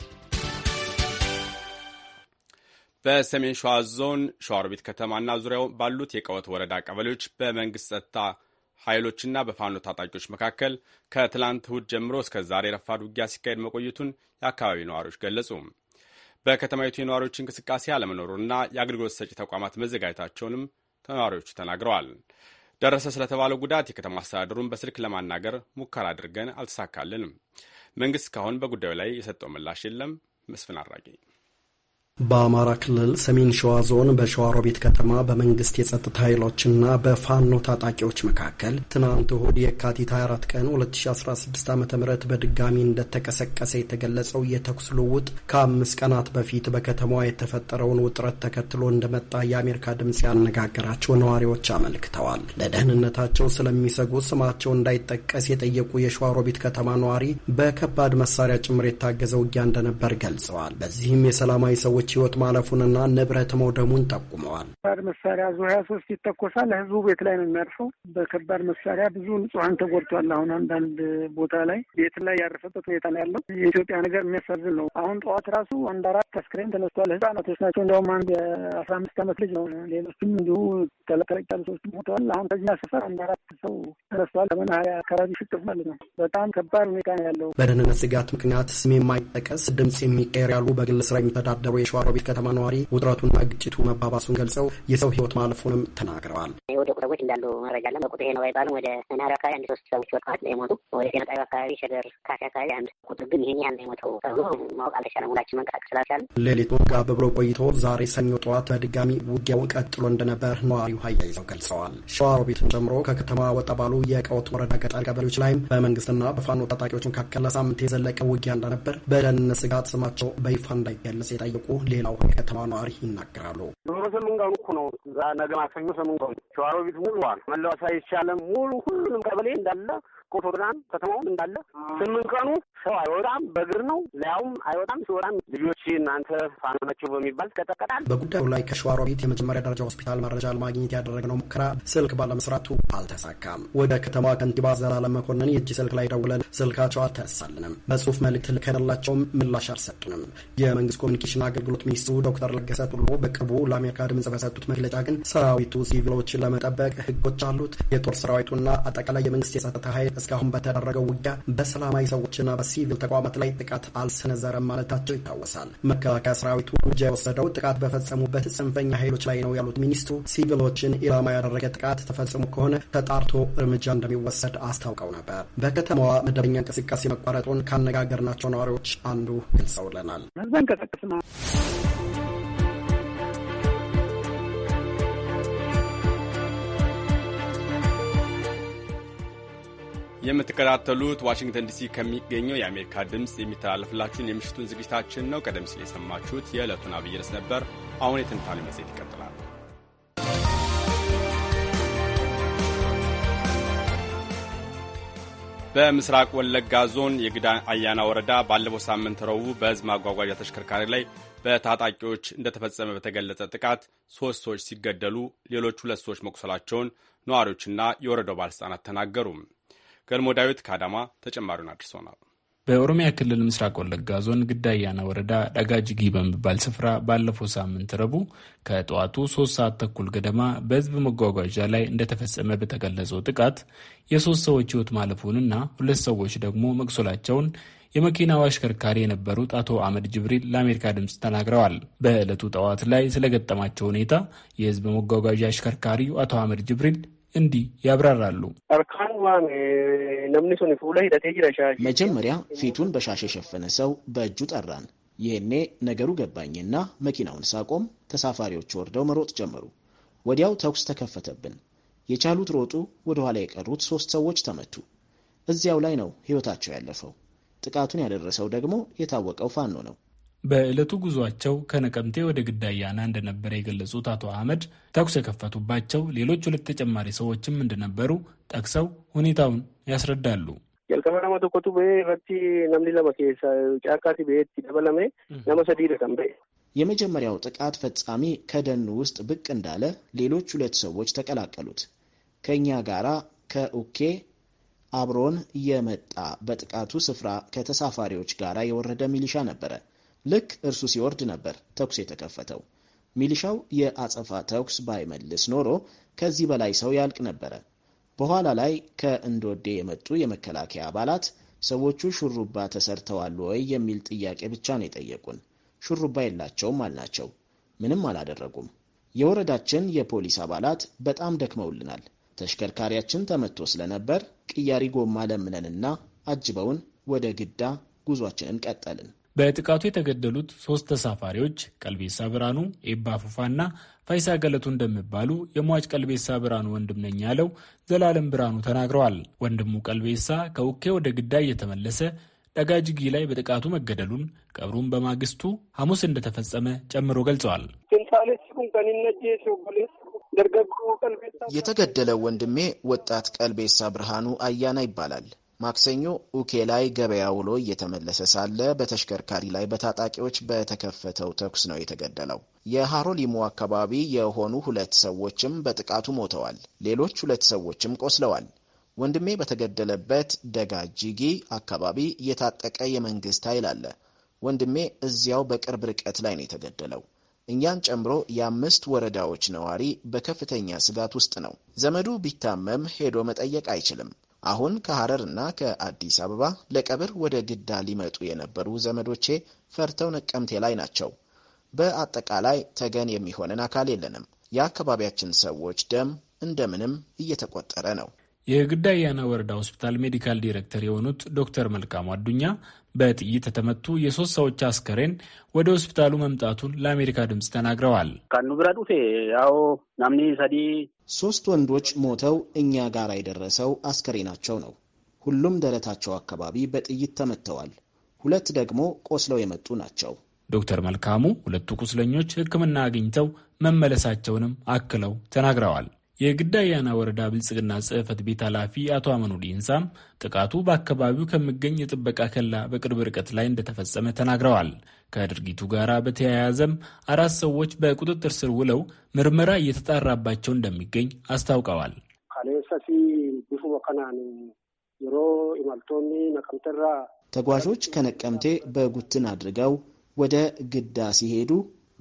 በሰሜን ሸዋ ዞን ሸዋሮቢት ከተማና ዙሪያው ባሉት የቀወት ወረዳ ቀበሌዎች በመንግስት ጸጥታ ኃይሎችና በፋኖ ታጣቂዎች መካከል ከትላንት እሁድ ጀምሮ እስከ ዛሬ ረፋድ ውጊያ ሲካሄድ መቆየቱን የአካባቢው ነዋሪዎች ገለጹ። በከተማይቱ የነዋሪዎች እንቅስቃሴ አለመኖሩና የአገልግሎት ሰጪ ተቋማት መዘጋጀታቸውንም ተነዋሪዎቹ ተናግረዋል። ደረሰ ስለተባለው ጉዳት የከተማ አስተዳደሩን በስልክ ለማናገር ሙከራ አድርገን አልተሳካልንም። መንግስት እስካሁን በጉዳዩ ላይ የሰጠው ምላሽ የለም። መስፍን አራጌ በአማራ ክልል ሰሜን ሸዋ ዞን በሸዋሮቤት ከተማ በመንግስት የጸጥታ ኃይሎችና በፋኖ ታጣቂዎች መካከል ትናንት እሁድ የካቲት 24 ቀን 2016 ዓ ም በድጋሚ እንደተቀሰቀሰ የተገለጸው የተኩስ ልውውጥ ከአምስት ቀናት በፊት በከተማዋ የተፈጠረውን ውጥረት ተከትሎ እንደመጣ የአሜሪካ ድምፅ ያነጋገራቸው ነዋሪዎች አመልክተዋል። ለደህንነታቸው ስለሚሰጉ ስማቸው እንዳይጠቀስ የጠየቁ የሸዋሮቤት ከተማ ነዋሪ በከባድ መሳሪያ ጭምር የታገዘ ውጊያ እንደነበር ገልጸዋል። በዚህም የሰላማዊ ሰዎች ሰዎች ህይወት ማለፉንና ንብረት መውደሙን ጠቁመዋል። ከባድ መሳሪያ ዙ ሀያ ሶስት ይተኮሳል። ህዝቡ ቤት ላይ ነው የሚያርፈው። በከባድ መሳሪያ ብዙ ንጹሀን ተጎድቷል። አሁን አንዳንድ ቦታ ላይ ቤት ላይ ያረፈበት ሁኔታ ነው ያለው። የኢትዮጵያ ነገር የሚያሳዝን ነው። አሁን ጠዋት ራሱ አንድ አራት አስክሬን ተነስቷል። ህጻናቶች ናቸው። እንዲያውም አንድ የአስራ አምስት ዓመት ልጅ ነው። ሌሎችም እንዲሁ ተለቀለቅ ሰዎች ሞተዋል። አሁን ከዚህኛ ሰፈር አንድ አራት ሰው ተነስቷል። በመናኸሪያ አካባቢ ሽቅብ ማለት ነው። በጣም ከባድ ሁኔታ ነው ያለው። በደህንነት ስጋት ምክንያት ስም የማይጠቀስ ድምፅ የሚቀየር ያሉ በግል ስራ የሚተዳደሩ የሸ የሸዋሮቢት ከተማ ነዋሪ ውጥረቱና ግጭቱ መባባሱን ገልጸው የሰው ህይወት ማለፉንም ተናግረዋል። የወደቁ ሰዎች እንዳሉ መረጃ አለ። በቁጥር ይሄ ነው ባይባልም ወደ መናሪ አካባቢ አንድ ሶስት ሰዎች ነው የሞቱ ወደ ጤና ጣቢያ አካባቢ ሸገር ካፊ አካባቢ አንድ ቁጥር ግን ይህን ያህል ነው የሞተው ተብሎ ማወቅ አልተቻለም። ሁላችን መንቀሳቀስ ስላልቻለ ሌሊት ጋብ ብብሎ ቆይቶ ዛሬ ሰኞ ጠዋት በድጋሚ ውጊያውን ቀጥሎ እንደነበር ነዋሪው አያይዘው ገልጸዋል። ሸዋሮቢትን ጨምሮ ከከተማ ወጣ ባሉ የቀወት ወረዳ ገጠር ቀበሌዎች ላይም በመንግስትና በፋኖ ታጣቂዎች መካከል ለሳምንት የዘለቀ ውጊያ እንደነበር በደህንነት ስጋት ስማቸው በይፋ እንዳይገለጽ የጠየቁ ሌላው የከተማ ነዋሪ ይናገራሉ። ኑሮ ሰሙን ጋር እኮ ነው። እዛ ነገ ማክሰኞ ሰሙን ቤት ሙሉ ሙሉዋል። መለዋሳ ይቻለም ሙሉ ሁሉንም ቀበሌ እንዳለ ቆቶናን ከተማውን እንዳለ ስምንት ቀኑ ሰው አይወጣም፣ በእግር ነው ሊያውም አይወጣም። ሲወጣም ልጆች እናንተ ፋኖ ናቸው በሚባል ይቀጠቀጣል። በጉዳዩ ላይ ቤት የመጀመሪያ ደረጃ ሆስፒታል መረጃ ለማግኘት ያደረግነው ሙከራ ስልክ ባለመስራቱ አልተሳካም። ወደ ከተማ ከንቲባ ዘላለም መኮንን የእጅ ስልክ ላይ ደውለን ስልካቸው አልተነሳልንም። በጽሁፍ መልእክት ልከደላቸውም ምላሽ አልሰጡንም። የመንግስት ኮሚኒኬሽን አገልግሎት ሚኒስትሩ ዶክተር ለገሰ ቱሉ በቅርቡ ለአሜሪካ ድምጽ በሰጡት መግለጫ ግን ሰራዊቱ ሲቪሎችን ለመጠበቅ ህጎች አሉት። የጦር ሰራዊቱና አጠቃላይ የመንግስት የጸጥታ ኃይል እስካሁን በተደረገው ውጊያ በሰላማዊ ሰዎችና በሲ ሲቪል ተቋማት ላይ ጥቃት አልሰነዘረም ማለታቸው ይታወሳል። መከላከያ ሰራዊቱ እርምጃ የወሰደው ጥቃት በፈጸሙበት ጽንፈኛ ኃይሎች ላይ ነው ያሉት ሚኒስትሩ ሲቪሎችን ኢላማ ያደረገ ጥቃት ተፈጽሞ ከሆነ ተጣርቶ እርምጃ እንደሚወሰድ አስታውቀው ነበር። በከተማዋ መደበኛ እንቅስቃሴ መቋረጡን ካነጋገርናቸው ነዋሪዎች አንዱ ገልጸውልናል። የምትከታተሉት ዋሽንግተን ዲሲ ከሚገኘው የአሜሪካ ድምፅ የሚተላለፍላችሁን የምሽቱን ዝግጅታችን ነው። ቀደም ሲል የሰማችሁት የዕለቱን አብይ ርዕስ ነበር። አሁን የትንታኔ መጽሔት ይቀጥላል። በምስራቅ ወለጋ ዞን የግዳ አያና ወረዳ ባለፈው ሳምንት ረቡዕ በሕዝብ ማጓጓዣ ተሽከርካሪ ላይ በታጣቂዎች እንደተፈጸመ በተገለጸ ጥቃት ሶስት ሰዎች ሲገደሉ ሌሎች ሁለት ሰዎች መቁሰላቸውን ነዋሪዎችና የወረዳው ባለሥልጣናት ተናገሩም። ገልሞ ዳዊት ከአዳማ ተጨማሪውን አድርሶናል። በኦሮሚያ ክልል ምስራቅ ወለጋ ዞን ግዳያና ወረዳ ዳጋጅጊ በሚባል ስፍራ ባለፈው ሳምንት ረቡዕ ከጠዋቱ ሶስት ሰዓት ተኩል ገደማ በህዝብ መጓጓዣ ላይ እንደተፈጸመ በተገለጸው ጥቃት የሶስት ሰዎች ሕይወት ማለፉንና ሁለት ሰዎች ደግሞ መቁሰላቸውን የመኪናው አሽከርካሪ የነበሩት አቶ አህመድ ጅብሪል ለአሜሪካ ድምፅ ተናግረዋል። በዕለቱ ጠዋት ላይ ስለገጠማቸው ሁኔታ የህዝብ መጓጓዣ አሽከርካሪው አቶ አህመድ ጅብሪል እንዲህ ያብራራሉ። መጀመሪያ ፊቱን በሻሽ የሸፈነ ሰው በእጁ ጠራን። ይህኔ ነገሩ ገባኝና መኪናውን ሳቆም ተሳፋሪዎች ወርደው መሮጥ ጀመሩ። ወዲያው ተኩስ ተከፈተብን። የቻሉት ሮጡ፣ ወደ ኋላ የቀሩት ሶስት ሰዎች ተመቱ። እዚያው ላይ ነው ሕይወታቸው ያለፈው። ጥቃቱን ያደረሰው ደግሞ የታወቀው ፋኖ ነው። በዕለቱ ጉዟቸው ከነቀምቴ ወደ ግዳያና እንደነበረ የገለጹት አቶ አህመድ ተኩስ የከፈቱባቸው ሌሎች ሁለት ተጨማሪ ሰዎችም እንደነበሩ ጠቅሰው ሁኔታውን ያስረዳሉ። hmm. የመጀመሪያው ጥቃት ፈጻሚ ከደኑ ውስጥ ብቅ እንዳለ ሌሎች ሁለት ሰዎች ተቀላቀሉት። ከእኛ ጋራ ከኡኬ አብሮን የመጣ በጥቃቱ ስፍራ ከተሳፋሪዎች ጋር የወረደ ሚሊሻ ነበረ። ልክ እርሱ ሲወርድ ነበር ተኩስ የተከፈተው። ሚሊሻው የአጸፋ ተኩስ ባይመልስ ኖሮ ከዚህ በላይ ሰው ያልቅ ነበረ። በኋላ ላይ ከእንዶዴ የመጡ የመከላከያ አባላት ሰዎቹ ሹሩባ ተሰርተዋል ወይ የሚል ጥያቄ ብቻ ነው የጠየቁን። ሹሩባ የላቸውም አልናቸው። ምንም አላደረጉም። የወረዳችን የፖሊስ አባላት በጣም ደክመውልናል። ተሽከርካሪያችን ተመቶ ስለነበር ቅያሪ ጎማ ለምነንና አጅበውን ወደ ግዳ ጉዟችንን ቀጠልን። በጥቃቱ የተገደሉት ሶስት ተሳፋሪዎች ቀልቤሳ ብርሃኑ፣ ኤባ ፉፋና ፋይሳ ገለቱ እንደሚባሉ የሟች ቀልቤሳ ብርሃኑ ወንድም ነኝ ያለው ዘላለም ብርሃኑ ተናግረዋል። ወንድሙ ቀልቤሳ ከውኬ ወደ ግዳ እየተመለሰ ደጋጅጊ ላይ በጥቃቱ መገደሉን ቀብሩን በማግስቱ ሐሙስ እንደተፈጸመ ጨምሮ ገልጸዋል። የተገደለው ወንድሜ ወጣት ቀልቤሳ ብርሃኑ አያና ይባላል። ማክሰኞ ኡኬ ላይ ገበያ ውሎ እየተመለሰ ሳለ በተሽከርካሪ ላይ በታጣቂዎች በተከፈተው ተኩስ ነው የተገደለው። የሃሮሊሙ አካባቢ የሆኑ ሁለት ሰዎችም በጥቃቱ ሞተዋል። ሌሎች ሁለት ሰዎችም ቆስለዋል። ወንድሜ በተገደለበት ደጋጂጊ አካባቢ የታጠቀ የመንግስት ኃይል አለ። ወንድሜ እዚያው በቅርብ ርቀት ላይ ነው የተገደለው። እኛን ጨምሮ የአምስት ወረዳዎች ነዋሪ በከፍተኛ ስጋት ውስጥ ነው። ዘመዱ ቢታመም ሄዶ መጠየቅ አይችልም። አሁን ከሐረር እና ከአዲስ አበባ ለቀብር ወደ ግዳ ሊመጡ የነበሩ ዘመዶቼ ፈርተው ነቀምቴ ላይ ናቸው። በአጠቃላይ ተገን የሚሆንን አካል የለንም። የአካባቢያችን ሰዎች ደም እንደምንም እየተቆጠረ ነው። የግዳያና ወረዳ ሆስፒታል ሜዲካል ዲሬክተር የሆኑት ዶክተር መልካሙ አዱኛ በጥይት የተመቱ የሶስት ሰዎች አስከሬን ወደ ሆስፒታሉ መምጣቱን ለአሜሪካ ድምፅ ተናግረዋል። ካኑ ብራ ዱፌ ያው ናምኒ ሰዲ ሶስት ወንዶች ሞተው እኛ ጋር የደረሰው አስከሬናቸው ነው። ሁሉም ደረታቸው አካባቢ በጥይት ተመትተዋል። ሁለት ደግሞ ቆስለው የመጡ ናቸው። ዶክተር መልካሙ ሁለቱ ቁስለኞች ሕክምና አግኝተው መመለሳቸውንም አክለው ተናግረዋል። የግዳያና ወረዳ ብልጽግና ጽሕፈት ቤት ኃላፊ አቶ አመኑዲ ኢንሳም ጥቃቱ በአካባቢው ከሚገኝ የጥበቃ ከላ በቅርብ ርቀት ላይ እንደተፈጸመ ተናግረዋል። ከድርጊቱ ጋር በተያያዘም አራት ሰዎች በቁጥጥር ስር ውለው ምርመራ እየተጣራባቸው እንደሚገኝ አስታውቀዋል። ተጓዦች ከነቀምቴ በጉትን አድርገው ወደ ግዳ ሲሄዱ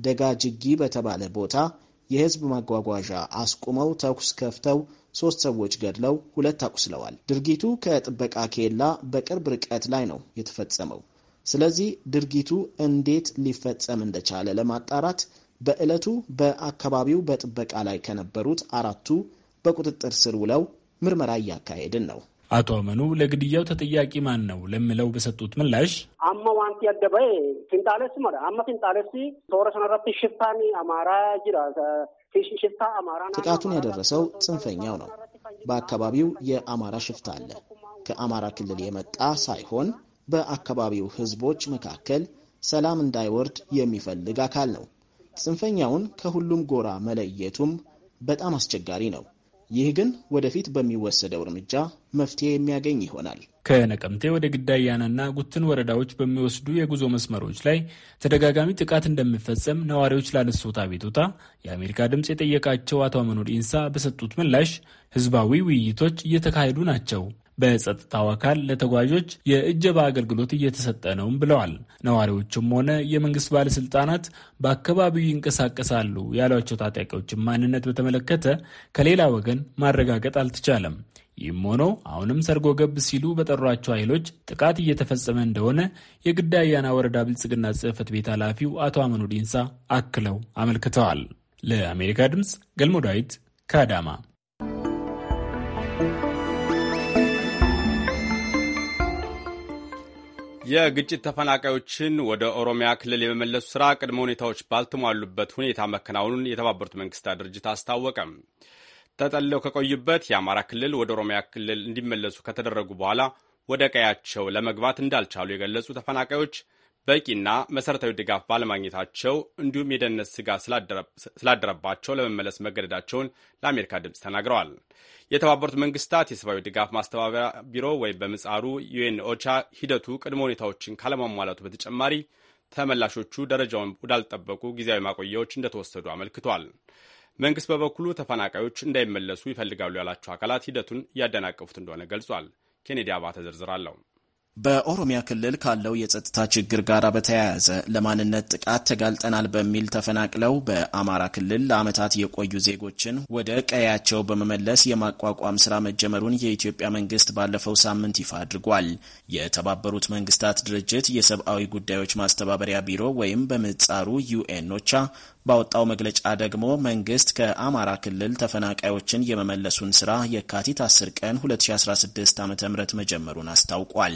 ደጋ ጅጊ በተባለ ቦታ የህዝብ ማጓጓዣ አስቁመው ተኩስ ከፍተው ሶስት ሰዎች ገድለው ሁለት አቁስለዋል። ድርጊቱ ከጥበቃ ኬላ በቅርብ ርቀት ላይ ነው የተፈጸመው። ስለዚህ ድርጊቱ እንዴት ሊፈጸም እንደቻለ ለማጣራት በዕለቱ በአካባቢው በጥበቃ ላይ ከነበሩት አራቱ በቁጥጥር ስር ውለው ምርመራ እያካሄድን ነው። አቶ አመኑ ለግድያው ተጠያቂ ማን ነው ለሚለው በሰጡት ምላሽ አመ ዋንቲ አደባይ ፊንጣለስ ማለት አመ ፊንጣለስ ቶረ ሰነረት አማራ ጅራ ጥቃቱን ያደረሰው ጽንፈኛው ነው። በአካባቢው የአማራ ሽፍታ አለ። ከአማራ ክልል የመጣ ሳይሆን በአካባቢው ህዝቦች መካከል ሰላም እንዳይወርድ የሚፈልግ አካል ነው። ጽንፈኛውን ከሁሉም ጎራ መለየቱም በጣም አስቸጋሪ ነው። ይህ ግን ወደፊት በሚወሰደው እርምጃ መፍትሄ የሚያገኝ ይሆናል። ከነቀምቴ ወደ ግዳያናና ጉትን ወረዳዎች በሚወስዱ የጉዞ መስመሮች ላይ ተደጋጋሚ ጥቃት እንደሚፈጸም ነዋሪዎች ላነሱት አቤቱታ የአሜሪካ ድምፅ የጠየቃቸው አቶ መኖድ ኢንሳ በሰጡት ምላሽ ህዝባዊ ውይይቶች እየተካሄዱ ናቸው በጸጥታው አካል ለተጓዦች የእጀባ አገልግሎት እየተሰጠ ነውም ብለዋል። ነዋሪዎቹም ሆነ የመንግስት ባለስልጣናት በአካባቢው ይንቀሳቀሳሉ ያሏቸው ታጣቂዎችን ማንነት በተመለከተ ከሌላ ወገን ማረጋገጥ አልተቻለም። ይህም ሆኖ አሁንም ሰርጎ ገብ ሲሉ በጠሯቸው ኃይሎች ጥቃት እየተፈጸመ እንደሆነ የግዳያና ወረዳ ብልጽግና ጽህፈት ቤት ኃላፊው አቶ አመኑ ዲንሳ አክለው አመልክተዋል። ለአሜሪካ ድምፅ ገልሞ ዳዊት ከአዳማ የግጭት ተፈናቃዮችን ወደ ኦሮሚያ ክልል የመመለሱ ሥራ ቅድመ ሁኔታዎች ባልተሟሉበት ሁኔታ መከናወኑን የተባበሩት መንግስታት ድርጅት አስታወቀም። ተጠለው ከቆዩበት የአማራ ክልል ወደ ኦሮሚያ ክልል እንዲመለሱ ከተደረጉ በኋላ ወደ ቀያቸው ለመግባት እንዳልቻሉ የገለጹ ተፈናቃዮች በቂና መሠረታዊ ድጋፍ ባለማግኘታቸው እንዲሁም የደህንነት ስጋት ስላደረባቸው ለመመለስ መገደዳቸውን ለአሜሪካ ድምፅ ተናግረዋል። የተባበሩት መንግስታት የሰብአዊ ድጋፍ ማስተባበሪያ ቢሮ ወይም በምጻሩ ዩኤን ኦቻ ሂደቱ ቅድመ ሁኔታዎችን ካለማሟላቱ በተጨማሪ ተመላሾቹ ደረጃውን ወዳልጠበቁ ጊዜያዊ ማቆያዎች እንደተወሰዱ አመልክቷል። መንግስት በበኩሉ ተፈናቃዮች እንዳይመለሱ ይፈልጋሉ ያላቸው አካላት ሂደቱን እያደናቀፉት እንደሆነ ገልጿል። ኬኔዲ አባተ ዝርዝር አለው። በኦሮሚያ ክልል ካለው የጸጥታ ችግር ጋር በተያያዘ ለማንነት ጥቃት ተጋልጠናል በሚል ተፈናቅለው በአማራ ክልል ለዓመታት የቆዩ ዜጎችን ወደ ቀያቸው በመመለስ የማቋቋም ስራ መጀመሩን የኢትዮጵያ መንግስት ባለፈው ሳምንት ይፋ አድርጓል። የተባበሩት መንግስታት ድርጅት የሰብአዊ ጉዳዮች ማስተባበሪያ ቢሮ ወይም በምህጻሩ ዩኤን ኦቻ ባወጣው መግለጫ ደግሞ መንግስት ከአማራ ክልል ተፈናቃዮችን የመመለሱን ስራ የካቲት 10 ቀን 2016 ዓ ም መጀመሩን አስታውቋል።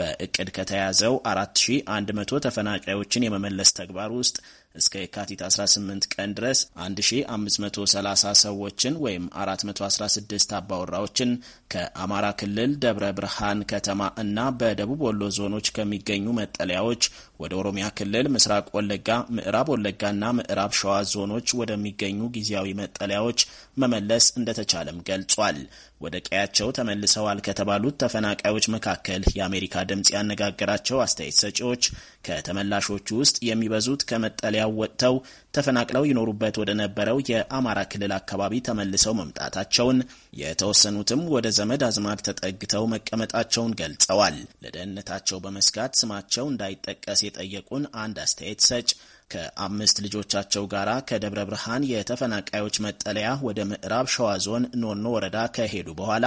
በእቅድ ከተያዘው 4100 ተፈናቃዮችን የመመለስ ተግባር ውስጥ እስከ የካቲት 18 ቀን ድረስ 1530 ሰዎችን ወይም 416 አባወራዎችን ከአማራ ክልል ደብረ ብርሃን ከተማ እና በደቡብ ወሎ ዞኖች ከሚገኙ መጠለያዎች ወደ ኦሮሚያ ክልል ምስራቅ ወለጋ፣ ምዕራብ ወለጋና ምዕራብ ሸዋ ዞኖች ወደሚገኙ ጊዜያዊ መጠለያዎች መመለስ እንደተቻለም ገልጿል። ወደ ቀያቸው ተመልሰዋል ከተባሉት ተፈናቃዮች መካከል የአሜሪካ ድምፅ ያነጋገራቸው አስተያየት ሰጪዎች ከተመላሾቹ ውስጥ የሚበዙት ከመጠለያው ወጥተው ተፈናቅለው ይኖሩበት ወደ ነበረው የአማራ ክልል አካባቢ ተመልሰው መምጣታቸውን፣ የተወሰኑትም ወደ ዘመድ አዝማድ ተጠግተው መቀመጣቸውን ገልጸዋል። ለደህንነታቸው በመስጋት ስማቸው እንዳይጠቀስ የጠየቁን አንድ አስተያየት ሰጭ ከአምስት ልጆቻቸው ጋር ከደብረ ብርሃን የተፈናቃዮች መጠለያ ወደ ምዕራብ ሸዋ ዞን ኖኖ ወረዳ ከሄዱ በኋላ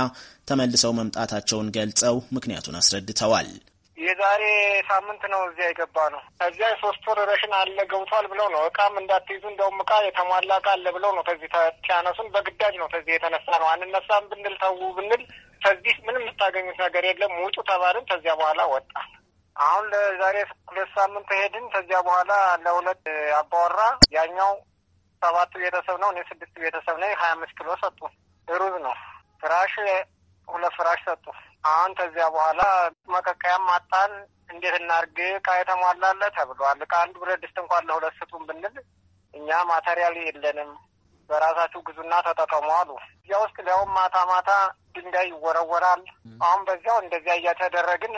ተመልሰው መምጣታቸውን ገልጸው ምክንያቱን አስረድተዋል። የዛሬ ሳምንት ነው እዚያ የገባ ነው። ከዚያ የሶስት ወር ረሽን አለ ገብቷል ብለው ነው እቃም እንዳትይዙ እንደውም እቃ የተሟላ እቃ አለ ብለው ነው ከዚህ ሲያነሱን በግዳጅ ነው ከዚህ የተነሳ ነው። አንነሳም ብንል ተዉ ብንል ከዚህ ምንም የምታገኙት ነገር የለም ውጡ ተባልን። ከዚያ በኋላ ወጣ። አሁን ለዛሬ ሁለት ሳምንት ሄድን። ከዚያ በኋላ ለሁለት አባወራ ያኛው ሰባቱ ቤተሰብ ነው፣ እኔ ስድስት ቤተሰብ ነኝ። ሀያ አምስት ኪሎ ሰጡ። ሩዝ ነው ፍራሽ ሁለት ፍራሽ ሰጡ። አሁን ከዚያ በኋላ መቀቀያም አጣን። እንዴት እናርግ? እቃ የተሟላለ ተብሏል። እቃ አንድ ብረት ድስት እንኳን ለሁለት ስጡን ብንል እኛ ማተሪያል የለንም፣ በራሳችሁ ግዙና ተጠቀሙ አሉ። እዚያ ውስጥ ሊያውም ማታ ማታ ድንጋይ ይወረወራል። አሁን በዚያው እንደዚያ እያተደረግን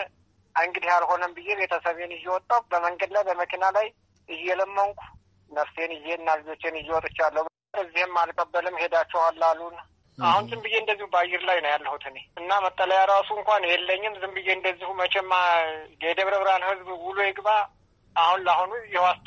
እንግዲህ አልሆነም ብዬ ቤተሰቤን ይዤ ወጣሁ። በመንገድ ላይ በመኪና ላይ እየለመንኩ ነፍሴን ይዤ እና ልጆቼን ይዤ ወጥቻለሁ። እዚህም አልቀበልም ሄዳችኋል አሉን። አሁን ዝም ብዬ እንደዚሁ በአየር ላይ ነው ያለሁት እኔ እና መጠለያ ራሱ እንኳን የለኝም። ዝም ብዬ እንደዚሁ መቼማ የደብረ ብርሃን ህዝብ ውሎ ይግባ አሁን ለአሁኑ የዋስ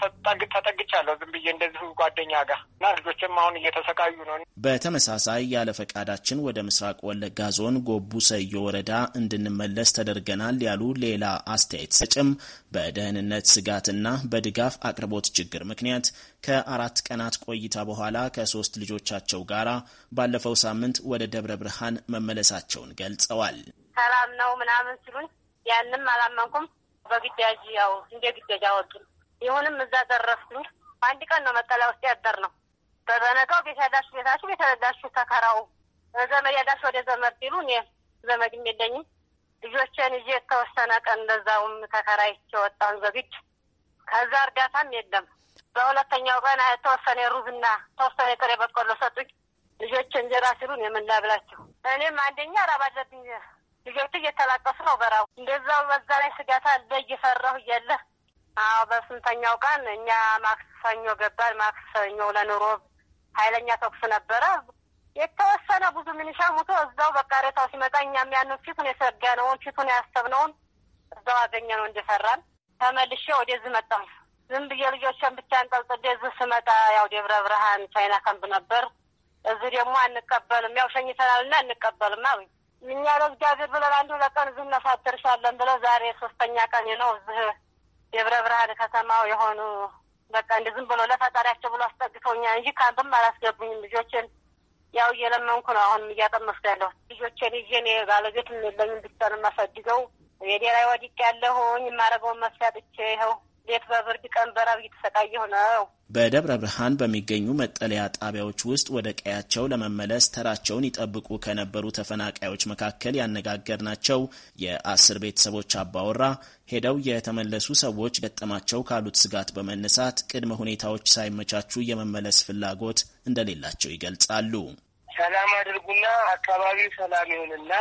ተጠግቻለሁ ዝም ብዬ እንደዚሁ ጓደኛ ጋር እና ልጆችም አሁን እየተሰቃዩ ነው። በተመሳሳይ ያለ ፈቃዳችን ወደ ምስራቅ ወለጋ ዞን ጎቡ ሰዮ ወረዳ እንድንመለስ ተደርገናል ያሉ ሌላ አስተያየት ሰጭም በደህንነት ስጋትና በድጋፍ አቅርቦት ችግር ምክንያት ከአራት ቀናት ቆይታ በኋላ ከሶስት ልጆቻቸው ጋር ባለፈው ሳምንት ወደ ደብረ ብርሃን መመለሳቸውን ገልጸዋል። ሰላም ነው ምናምን ሲሉኝ ያንም አላመንኩም በግዳጅ ያው እንደ ግዳጅ አወጡን። ይሁንም እዛ ደረስኩኝ። አንድ ቀን ነው መጠለያ ውስጥ ያደር ነው። በበነጋው ቤት ያዳችሁ ቤታችሁ ቤት ያዳችሁ ተከራው ዘመድ ያዳችሁ ወደ ዘመድ ሲሉ እኔ ዘመድም የለኝም ልጆችን ይዤ የተወሰነ ቀን እንደዛውም ተከራይቼ ወጣን ዘግቼ። ከዛ እርዳታም የለም። በሁለተኛው ቀን የተወሰነ የሩዝና ተወሰነ የጥሬ በቆሎ ሰጡኝ። ልጆች እንጀራ ሲሉን የምንላብላቸው እኔም አንደኛ ራብ አለብኝ ልጆቹ እየተላቀሱ ነው በራው እንደዛው በዛ ላይ ስጋት አለ እየፈራሁ እያለ አዎ በስንተኛው ቀን እኛ ማክሰኞ ገባል ማክሰኞ ለኑሮ ሀይለኛ ተኩስ ነበረ። የተወሰነ ብዙ ሚኒሻ ሙቶ እዛው በቃሬታው ሲመጣ እኛም ያንን ፊቱን የሰጋነውን ፊቱን ያሰብነውን እዛው አገኘ ነው እንደፈራን ተመልሼ ወደዚህ መጣሁ። ዝም ብዬ ልጆችን ብቻ አንጠልጥዴ እዚህ ስመጣ ያው ደብረ ብርሃን ቻይና ካምፕ ነበር። እዚህ ደግሞ አንቀበልም ያው ሸኝተናልና አንቀበልም አሉኝ። እኛ ለእግዚአብሔር ብለን አንድ ሁለት ቀን እዚህ እነፋደርሻለን ብለን ዛሬ ሶስተኛ ቀን ነው እዚህ የደብረ ብርሃን ከተማው የሆኑ በቃ እንደ ዝም ብሎ ለፈጣሪያቸው ብሎ አስጠግተውኛል እንጂ ካምፕም አላስገቡኝም። ልጆችን ያው እየለመንኩ ነው። አሁንም እያጠመስኩ ያለሁ ልጆችን ይዤ እኔ ባለቤት የለኝም፣ ብቻ ነው የማሳድገው። የዴራይ ወዲቅ ያለሁኝ የማደርገውን መፍትያ ጥቼ ይኸው ቤት በብርድ ቀን በራብ እየተሰቃየሁ ነው። በደብረ ብርሃን በሚገኙ መጠለያ ጣቢያዎች ውስጥ ወደ ቀያቸው ለመመለስ ተራቸውን ይጠብቁ ከነበሩ ተፈናቃዮች መካከል ያነጋገርናቸው የአስር ቤተሰቦች አባወራ ሄደው የተመለሱ ሰዎች ገጠማቸው ካሉት ስጋት በመነሳት ቅድመ ሁኔታዎች ሳይመቻቹ የመመለስ ፍላጎት እንደሌላቸው ይገልጻሉ። ሰላም አድርጉና አካባቢው ሰላም ይሁንና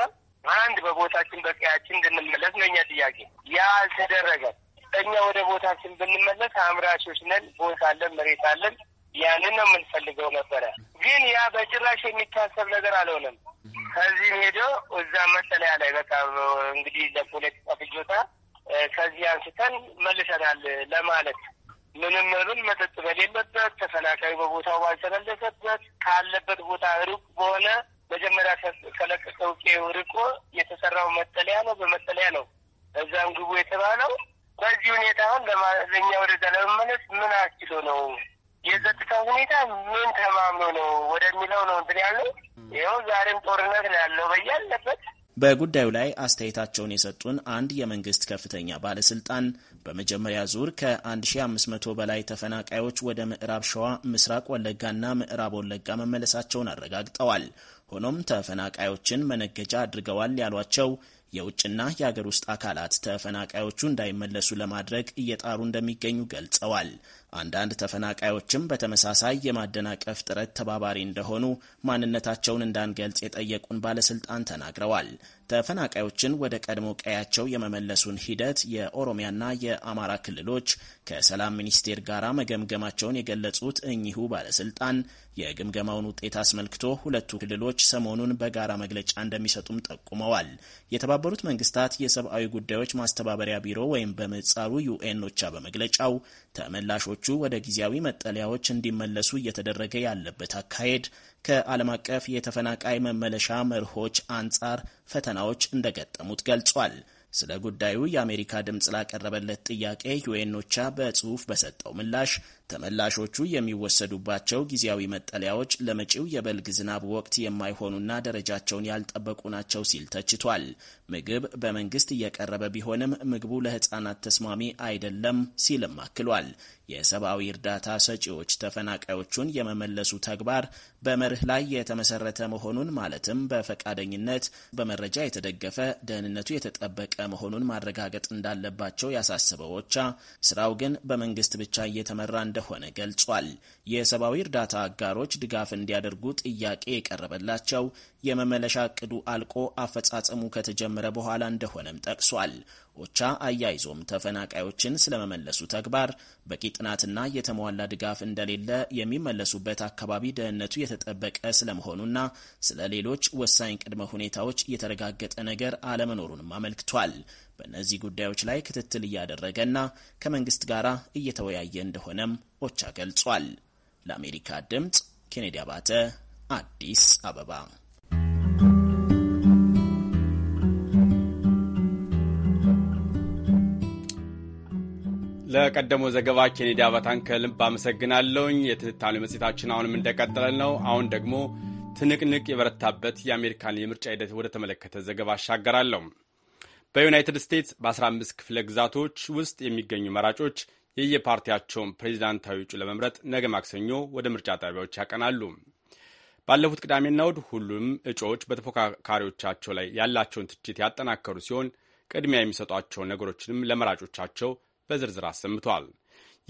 አንድ በቦታችን በቀያችን እንድንመለስ ነው ጥያቄ። ያ አልተደረገም። እኛ ወደ ቦታችን ብንመለስ አምራቾች ነን፣ ቦታ አለን፣ መሬት አለን። ያንን ነው የምንፈልገው ነበረ። ግን ያ በጭራሽ የሚታሰብ ነገር አልሆነም። ከዚህም ሄዶ እዛ መጠለያ ላይ በቃ እንግዲህ ለፖለቲካ ፍጆታ ከዚህ አንስተን መልሰናል ለማለት ምንም ምን መጠጥ በሌለበት ተፈናቃዩ በቦታው ባልተመለሰበት ካለበት ቦታ ሩቅ በሆነ መጀመሪያ ከለቀቀው ቄው ርቆ የተሰራው መጠለያ ነው። በመጠለያ ነው እዛም ግቡ የተባለው በዚህ ሁኔታ አሁን ለማዘኛ ወደዛ ለመመለስ ምን አስችሎ ነው የጸጥታው ሁኔታ ምን ተማምኖ ነው ወደሚለው ነው እንትን ያለው። ይኸው ዛሬም ጦርነት ነው ያለው በያለበት። በጉዳዩ ላይ አስተያየታቸውን የሰጡን አንድ የመንግስት ከፍተኛ ባለስልጣን በመጀመሪያ ዙር ከ1500 በላይ ተፈናቃዮች ወደ ምዕራብ ሸዋ፣ ምስራቅ ወለጋና ምዕራብ ወለጋ መመለሳቸውን አረጋግጠዋል። ሆኖም ተፈናቃዮችን መነገጃ አድርገዋል ያሏቸው የውጭና የአገር ውስጥ አካላት ተፈናቃዮቹ እንዳይመለሱ ለማድረግ እየጣሩ እንደሚገኙ ገልጸዋል። አንዳንድ ተፈናቃዮችም በተመሳሳይ የማደናቀፍ ጥረት ተባባሪ እንደሆኑ ማንነታቸውን እንዳንገልጽ የጠየቁን ባለስልጣን ተናግረዋል። ተፈናቃዮችን ወደ ቀድሞ ቀያቸው የመመለሱን ሂደት የኦሮሚያና የአማራ ክልሎች ከሰላም ሚኒስቴር ጋር መገምገማቸውን የገለጹት እኚሁ ባለስልጣን የግምገማውን ውጤት አስመልክቶ ሁለቱ ክልሎች ሰሞኑን በጋራ መግለጫ እንደሚሰጡም ጠቁመዋል። የተባበሩት መንግስታት የሰብአዊ ጉዳዮች ማስተባበሪያ ቢሮ ወይም በምህጻሩ ዩኤን ኦቻ በመግለጫው ተመላሾቹ ወደ ጊዜያዊ መጠለያዎች እንዲመለሱ እየተደረገ ያለበት አካሄድ ከዓለም አቀፍ የተፈናቃይ መመለሻ መርሆች አንጻር ፈተናዎች እንደገጠሙት ገልጿል። ስለ ጉዳዩ የአሜሪካ ድምፅ ላቀረበለት ጥያቄ ዩኤኖቻ በጽሑፍ በሰጠው ምላሽ ተመላሾቹ የሚወሰዱባቸው ጊዜያዊ መጠለያዎች ለመጪው የበልግ ዝናብ ወቅት የማይሆኑና ደረጃቸውን ያልጠበቁ ናቸው ሲል ተችቷል። ምግብ በመንግስት እየቀረበ ቢሆንም ምግቡ ለህጻናት ተስማሚ አይደለም ሲልም አክሏል። የሰብአዊ እርዳታ ሰጪዎች ተፈናቃዮቹን የመመለሱ ተግባር በመርህ ላይ የተመሰረተ መሆኑን ማለትም በፈቃደኝነት በመረጃ የተደገፈ ደህንነቱ የተጠበቀ መሆኑን ማረጋገጥ እንዳለባቸው ያሳስበው ኦቻ ስራው ግን በመንግስት ብቻ እየተመራ እንደሆነ ገልጿል። የሰብአዊ እርዳታ አጋሮች ድጋፍ እንዲያደርጉ ጥያቄ የቀረበላቸው የመመለሻ እቅዱ አልቆ አፈጻጸሙ ከተጀመረ በኋላ እንደሆነም ጠቅሷል። ኦቻ አያይዞም ተፈናቃዮችን ስለመመለሱ ተግባር በቂ ጥናትና የተሟላ ድጋፍ እንደሌለ፣ የሚመለሱበት አካባቢ ደህንነቱ የተጠበቀ ስለመሆኑና ስለ ሌሎች ወሳኝ ቅድመ ሁኔታዎች የተረጋገጠ ነገር አለመኖሩንም አመልክቷል። በእነዚህ ጉዳዮች ላይ ክትትል እያደረገና ከመንግስት ጋር እየተወያየ እንደሆነም ኦቻ ገልጿል። ለአሜሪካ ድምፅ ኬኔዲ አባተ አዲስ አበባ። ለቀደመው ዘገባ ኬኔዲ አባታን ከልብ አመሰግናለሁኝ። የትንታኔ መጽሔታችን አሁንም እንደቀጠለ ነው። አሁን ደግሞ ትንቅንቅ የበረታበት የአሜሪካን የምርጫ ሂደት ወደ ተመለከተ ዘገባ አሻገራለሁ። በዩናይትድ ስቴትስ በ15 ክፍለ ግዛቶች ውስጥ የሚገኙ መራጮች የየፓርቲያቸውን ፕሬዚዳንታዊ እጩ ለመምረጥ ነገ ማክሰኞ ወደ ምርጫ ጣቢያዎች ያቀናሉ። ባለፉት ቅዳሜና እሁድ ሁሉም እጩዎች በተፎካካሪዎቻቸው ላይ ያላቸውን ትችት ያጠናከሩ ሲሆን ቅድሚያ የሚሰጧቸውን ነገሮችንም ለመራጮቻቸው በዝርዝር አሰምተዋል።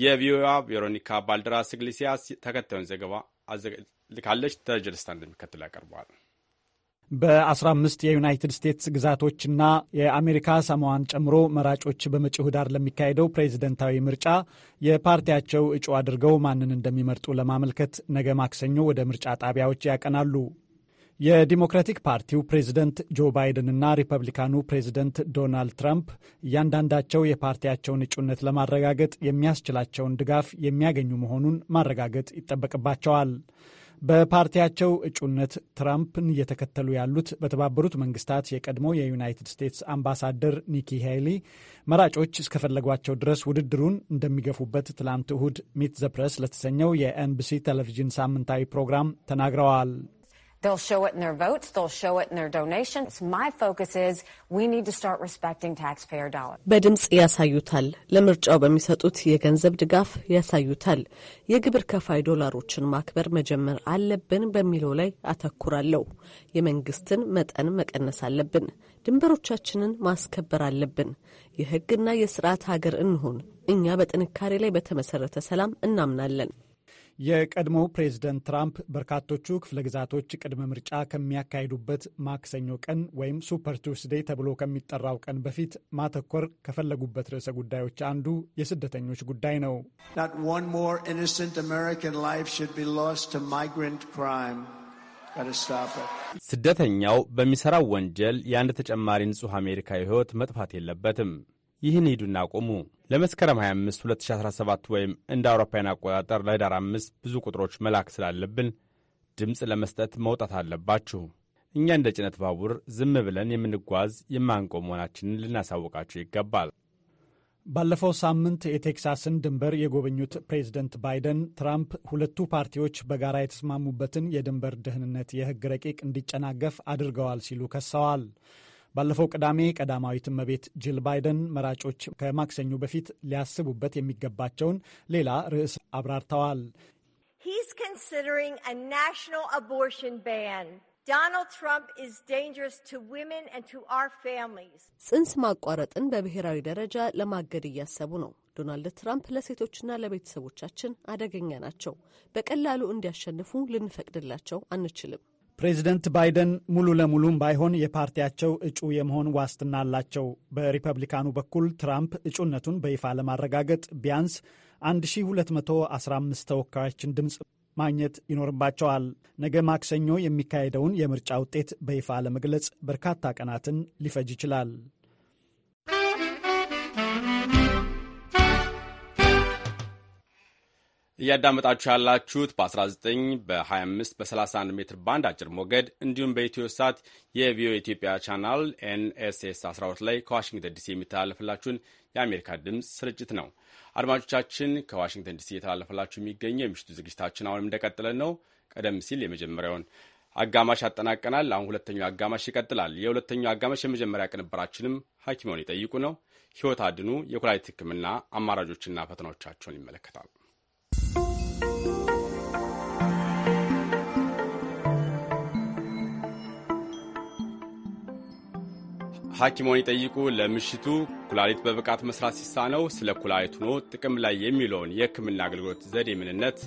የቪኦኤዋ ቬሮኒካ ባልደራስ ኢግሌሲያስ ተከታዩን ዘገባ ልካለች። ደረጀ ደስታ እንደሚከተል ያቀርበዋል። በ15 የዩናይትድ ስቴትስ ግዛቶችና የአሜሪካ ሳሞዋን ጨምሮ መራጮች በመጪው ኅዳር ለሚካሄደው ፕሬዚደንታዊ ምርጫ የፓርቲያቸው እጩ አድርገው ማንን እንደሚመርጡ ለማመልከት ነገ ማክሰኞ ወደ ምርጫ ጣቢያዎች ያቀናሉ። የዲሞክራቲክ ፓርቲው ፕሬዝደንት ጆ ባይደንና ሪፐብሊካኑ ፕሬዝደንት ዶናልድ ትራምፕ እያንዳንዳቸው የፓርቲያቸውን እጩነት ለማረጋገጥ የሚያስችላቸውን ድጋፍ የሚያገኙ መሆኑን ማረጋገጥ ይጠበቅባቸዋል። በፓርቲያቸው እጩነት ትራምፕን እየተከተሉ ያሉት በተባበሩት መንግስታት የቀድሞ የዩናይትድ ስቴትስ አምባሳደር ኒኪ ሄሊ መራጮች እስከፈለጓቸው ድረስ ውድድሩን እንደሚገፉበት ትላንት እሁድ ሚት ዘ ለተሰኘው የኤንቢሲ ቴሌቪዥን ሳምንታዊ ፕሮግራም ተናግረዋል። They'll show it in their votes. They'll show it in their donations. My focus is we need to start respecting taxpayer dollars. በድምፅ ያሳዩታል። ለምርጫው በሚሰጡት የገንዘብ ድጋፍ ያሳዩታል። የግብር ከፋይ ዶላሮችን ማክበር መጀመር አለብን በሚለው ላይ አተኩራለሁ። የመንግስትን መጠን መቀነስ አለብን። ድንበሮቻችንን ማስከበር አለብን። የህግና የስርዓት ሀገር እንሆን እኛ በጥንካሬ ላይ በተመሰረተ ሰላም እናምናለን። የቀድሞው ፕሬዝደንት ትራምፕ በርካቶቹ ክፍለ ግዛቶች ቅድመ ምርጫ ከሚያካሂዱበት ማክሰኞ ቀን ወይም ሱፐር ቱስዴይ ተብሎ ከሚጠራው ቀን በፊት ማተኮር ከፈለጉበት ርዕሰ ጉዳዮች አንዱ የስደተኞች ጉዳይ ነው። ስደተኛው በሚሠራው ወንጀል የአንድ ተጨማሪ ንጹሕ አሜሪካዊ ሕይወት መጥፋት የለበትም። ይህን ሂዱና ቁሙ! ለመስከረም 25 2017 ወይም እንደ አውሮፓውያን አቆጣጠር ለህዳር 5 ብዙ ቁጥሮች መላክ ስላለብን ድምፅ ለመስጠት መውጣት አለባችሁ። እኛ እንደ ጭነት ባቡር ዝም ብለን የምንጓዝ የማንቆም መሆናችንን ልናሳውቃችሁ ይገባል። ባለፈው ሳምንት የቴክሳስን ድንበር የጎበኙት ፕሬዝደንት ባይደን ትራምፕ ሁለቱ ፓርቲዎች በጋራ የተስማሙበትን የድንበር ደህንነት የህግ ረቂቅ እንዲጨናገፍ አድርገዋል ሲሉ ከሰዋል። ባለፈው ቅዳሜ ቀዳማዊት እመቤት ጂል ባይደን መራጮች ከማክሰኞ በፊት ሊያስቡበት የሚገባቸውን ሌላ ርዕስ አብራርተዋል። ጽንስ ማቋረጥን በብሔራዊ ደረጃ ለማገድ እያሰቡ ነው። ዶናልድ ትራምፕ ለሴቶችና ለቤተሰቦቻችን አደገኛ ናቸው፣ በቀላሉ እንዲያሸንፉ ልንፈቅድላቸው አንችልም። ፕሬዚደንት ባይደን ሙሉ ለሙሉም ባይሆን የፓርቲያቸው እጩ የመሆን ዋስትና አላቸው። በሪፐብሊካኑ በኩል ትራምፕ እጩነቱን በይፋ ለማረጋገጥ ቢያንስ 1215 ተወካዮችን ድምፅ ማግኘት ይኖርባቸዋል። ነገ ማክሰኞ የሚካሄደውን የምርጫ ውጤት በይፋ ለመግለጽ በርካታ ቀናትን ሊፈጅ ይችላል። እያዳመጣችሁ ያላችሁት በ19 በ25 በ31 ሜትር ባንድ አጭር ሞገድ እንዲሁም በኢትዮ ሳት የቪኦኤ ኢትዮጵያ ቻናል ኤንኤስኤስ 12 ላይ ከዋሽንግተን ዲሲ የሚተላለፍላችሁን የአሜሪካ ድምፅ ስርጭት ነው። አድማጮቻችን፣ ከዋሽንግተን ዲሲ እየተላለፈላችሁ የሚገኘው የምሽቱ ዝግጅታችን አሁንም እንደቀጥለን ነው። ቀደም ሲል የመጀመሪያውን አጋማሽ አጠናቀናል። አሁን ሁለተኛው አጋማሽ ይቀጥላል። የሁለተኛው አጋማሽ የመጀመሪያ ቅንብራችንም ሐኪሞን ይጠይቁ ነው። ሕይወት አድኑ የኩላሊት ሕክምና አማራጮችና ፈተናዎቻቸውን ይመለከታል። ሐኪሞን ይጠይቁ ለምሽቱ ኩላሊት በብቃት መስራት ሲሳነው ስለ ኩላሊት ሆኖ ጥቅም ላይ የሚለውን የሕክምና አገልግሎት ዘዴ ምንነት፣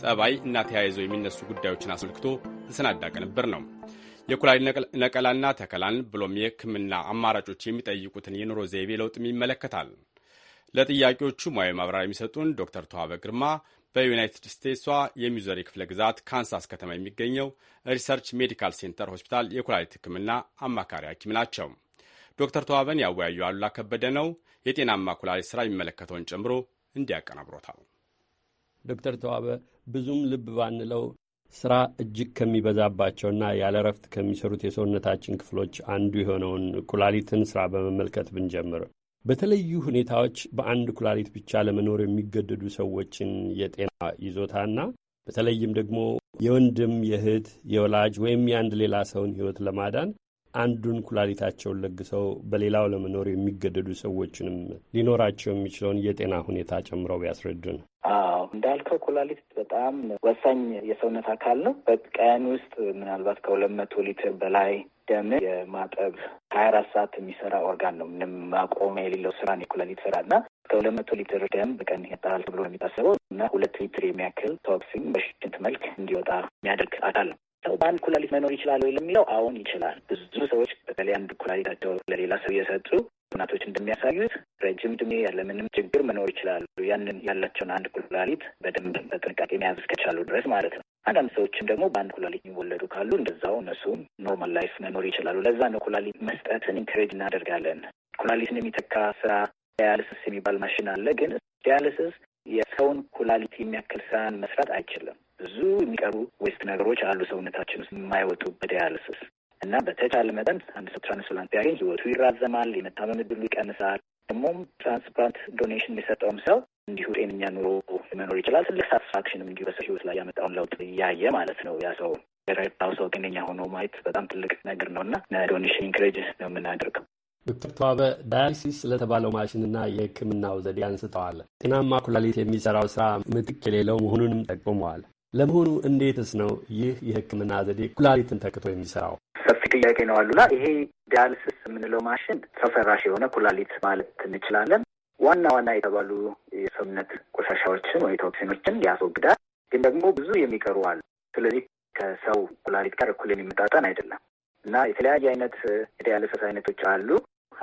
ጸባይ እና ተያይዘው የሚነሱ ጉዳዮችን አስመልክቶ የተሰናዳ ቅንብር ነው። የኩላሊት ነቀላና ተከላን ብሎም የሕክምና አማራጮች የሚጠይቁትን የኑሮ ዘይቤ ለውጥም ይመለከታል። ለጥያቄዎቹ ሙያዊ ማብራሪያ የሚሰጡን ዶክተር ተዋበ ግርማ በዩናይትድ ስቴትሷ የሚዙሪ ክፍለ ግዛት ካንሳስ ከተማ የሚገኘው ሪሰርች ሜዲካል ሴንተር ሆስፒታል የኩላሊት ሕክምና አማካሪ ሐኪም ናቸው። ዶክተር ተዋበን ያወያዩ አሉላ ከበደ ነው። የጤናማ ኩላሊት ስራ የሚመለከተውን ጨምሮ እንዲያቀናብሮታል። ዶክተር ተዋበ ብዙም ልብ ባንለው ስራ እጅግ ከሚበዛባቸውና ያለ ረፍት ከሚሰሩት የሰውነታችን ክፍሎች አንዱ የሆነውን ኩላሊትን ስራ በመመልከት ብንጀምር በተለዩ ሁኔታዎች በአንድ ኩላሊት ብቻ ለመኖር የሚገደዱ ሰዎችን የጤና ይዞታና በተለይም ደግሞ የወንድም የእህት፣ የወላጅ ወይም የአንድ ሌላ ሰውን ሕይወት ለማዳን አንዱን ኩላሊታቸውን ለግሰው በሌላው ለመኖር የሚገደዱ ሰዎችንም ሊኖራቸው የሚችለውን የጤና ሁኔታ ጨምረው ቢያስረዱን። አዎ እንዳልከው ኩላሊት በጣም ወሳኝ የሰውነት አካል ነው። በቀን ውስጥ ምናልባት ከሁለት መቶ ሊትር በላይ ደምን የማጠብ ሀያ አራት ሰዓት የሚሰራ ኦርጋን ነው። ምንም ማቆሚያ የሌለው ስራ ነው የኩላሊት ስራ እና ሁለት መቶ ሊትር ደም በቀን ያጣል ተብሎ ነው የሚታሰበው እና ሁለት ሊትር የሚያክል ቶክሲን በሽንት መልክ እንዲወጣ የሚያደርግ አካል ነው። ሰው በአንድ ኩላሊት መኖር ይችላል ወይ ለሚለው አሁን ይችላል። ብዙ ሰዎች በተለይ አንድ ኩላሊታቸው ለሌላ ሰው እየሰጡ ጥናቶች እንደሚያሳዩት ረጅም እድሜ ያለምንም ችግር መኖር ይችላሉ። ያንን ያላቸውን አንድ ኩላሊት በደንብ በጥንቃቄ መያዝ እስከቻሉ ድረስ ማለት ነው። አንዳንድ ሰዎችም ደግሞ በአንድ ኩላሊት የሚወለዱ ካሉ እንደዛው እነሱም ኖርማል ላይፍ መኖር ይችላሉ። ለዛ ነው ኩላሊት መስጠትን ኢንክሬጅ እናደርጋለን። ኩላሊትን የሚተካ ስራ ዳያልስስ የሚባል ማሽን አለ። ግን ዳያልስስ የሰውን ኩላሊት የሚያክል ስራን መስራት አይችልም። ብዙ የሚቀሩ ዌስት ነገሮች አሉ ሰውነታችን ውስጥ የማይወጡ በዳያልስስ እና በተቻለ መጠን አንድ ሰው ትራንስፕላንት ቢያገኝ ህይወቱ ይራዘማል፣ የመታመም ዕድሉ ይቀንሳል። ደግሞም ትራንስፕላንት ዶኔሽን የሚሰጠውም ሰው እንዲሁ ጤነኛ ኑሮ መኖር ይችላል። ትልቅ ሳትስፋክሽንም እንዲሁ በሰው ህይወት ላይ ያመጣውን ለውጥ እያየ ማለት ነው ያ ሰው የረዳው ሰው ጤነኛ ሆኖ ማየት በጣም ትልቅ ነገር ነው እና ዶኔሽን ኢንክሬጅ ነው የምናደርገው። ዶክተር ተዋበ ዳያሊሲስ ስለተባለው ማሽንና የህክምናው ዘዴ አንስተዋል። ጤናማ ኩላሊት የሚሰራው ስራ ምትክ የሌለው መሆኑንም ጠቁመዋል። ለመሆኑ እንዴትስ ነው ይህ የህክምና ዘዴ ኩላሊትን ተክቶ የሚሰራው? ሰፊ ጥያቄ ነው አሉላ። ይሄ ዲያልስስ የምንለው ማሽን ሰው ሰራሽ የሆነ ኩላሊት ማለት እንችላለን። ዋና ዋና የተባሉ የሰውነት ቆሻሻዎችን ወይ ቶክሲኖችን ያስወግዳል። ግን ደግሞ ብዙ የሚቀሩ አሉ። ስለዚህ ከሰው ኩላሊት ጋር እኩል የሚመጣጠን አይደለም እና የተለያየ አይነት የዲያልስስ አይነቶች አሉ።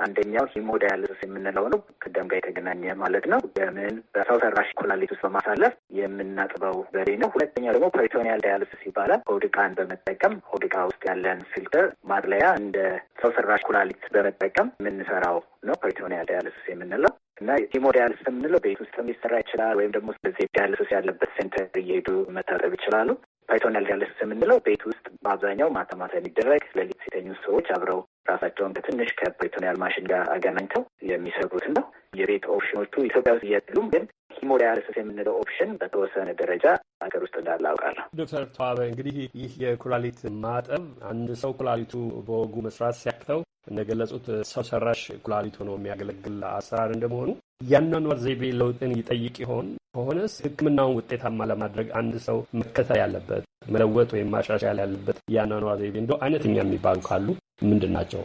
አንደኛው ሂሞዳያልስ የምንለው ነው። ከደም ጋር የተገናኘ ማለት ነው። ደምን በሰው ሰራሽ ኩላሊት ውስጥ በማሳለፍ የምናጥበው ዘዴ ነው። ሁለተኛው ደግሞ ፐሪቶኒያል ዳያልስስ ይባላል። ሆድቃን በመጠቀም ሆድቃ ውስጥ ያለን ፊልተር ማጥለያ እንደ ሰው ሰራሽ ኩላሊት በመጠቀም የምንሰራው ነው ፐሪቶኒያል ዳያልስስ የምንለው እና ሂሞዳያልስ የምንለው ቤት ውስጥ ሊሰራ ይችላል፣ ወይም ደግሞ ስለዚህ ዳያልስስ ያለበት ሴንተር እየሄዱ መታጠብ ይችላሉ። ፐሪቶኒያል ዳያልስስ የምንለው ቤት ውስጥ በአብዛኛው ማታ ማታ የሚደረግ ለሊት ሲተኙ ሰዎች አብረው ራሳቸውን ትንሽ ከፕሪቶኒያል ማሽን ጋር አገናኝተው የሚሰሩት ነው። የቤት ኦፕሽኖቹ ኢትዮጵያ ውስጥ የሉም፣ ግን ሂሞዳያልስስ የምንለው ኦፕሽን በተወሰነ ደረጃ ሀገር ውስጥ እንዳለ አውቃለሁ። ዶክተር ተዋበ እንግዲህ ይህ የኩላሊት ማጠብ አንድ ሰው ኩላሊቱ በወጉ መስራት ሲያቅተው እንደገለጹት ሰው ሰራሽ ኩላሊት ሆኖ የሚያገለግል አሰራር እንደመሆኑ ያኗኗር ዘይቤ ለውጥን ይጠይቅ ይሆን? ከሆነስ ሕክምናውን ውጤታማ ለማድረግ አንድ ሰው መከተል ያለበት መለወጥ ወይም ማሻሻል ያለበት ያኗኗር ዘይቤ እንደው አይነተኛ የሚባሉ ካሉ ምንድን ናቸው?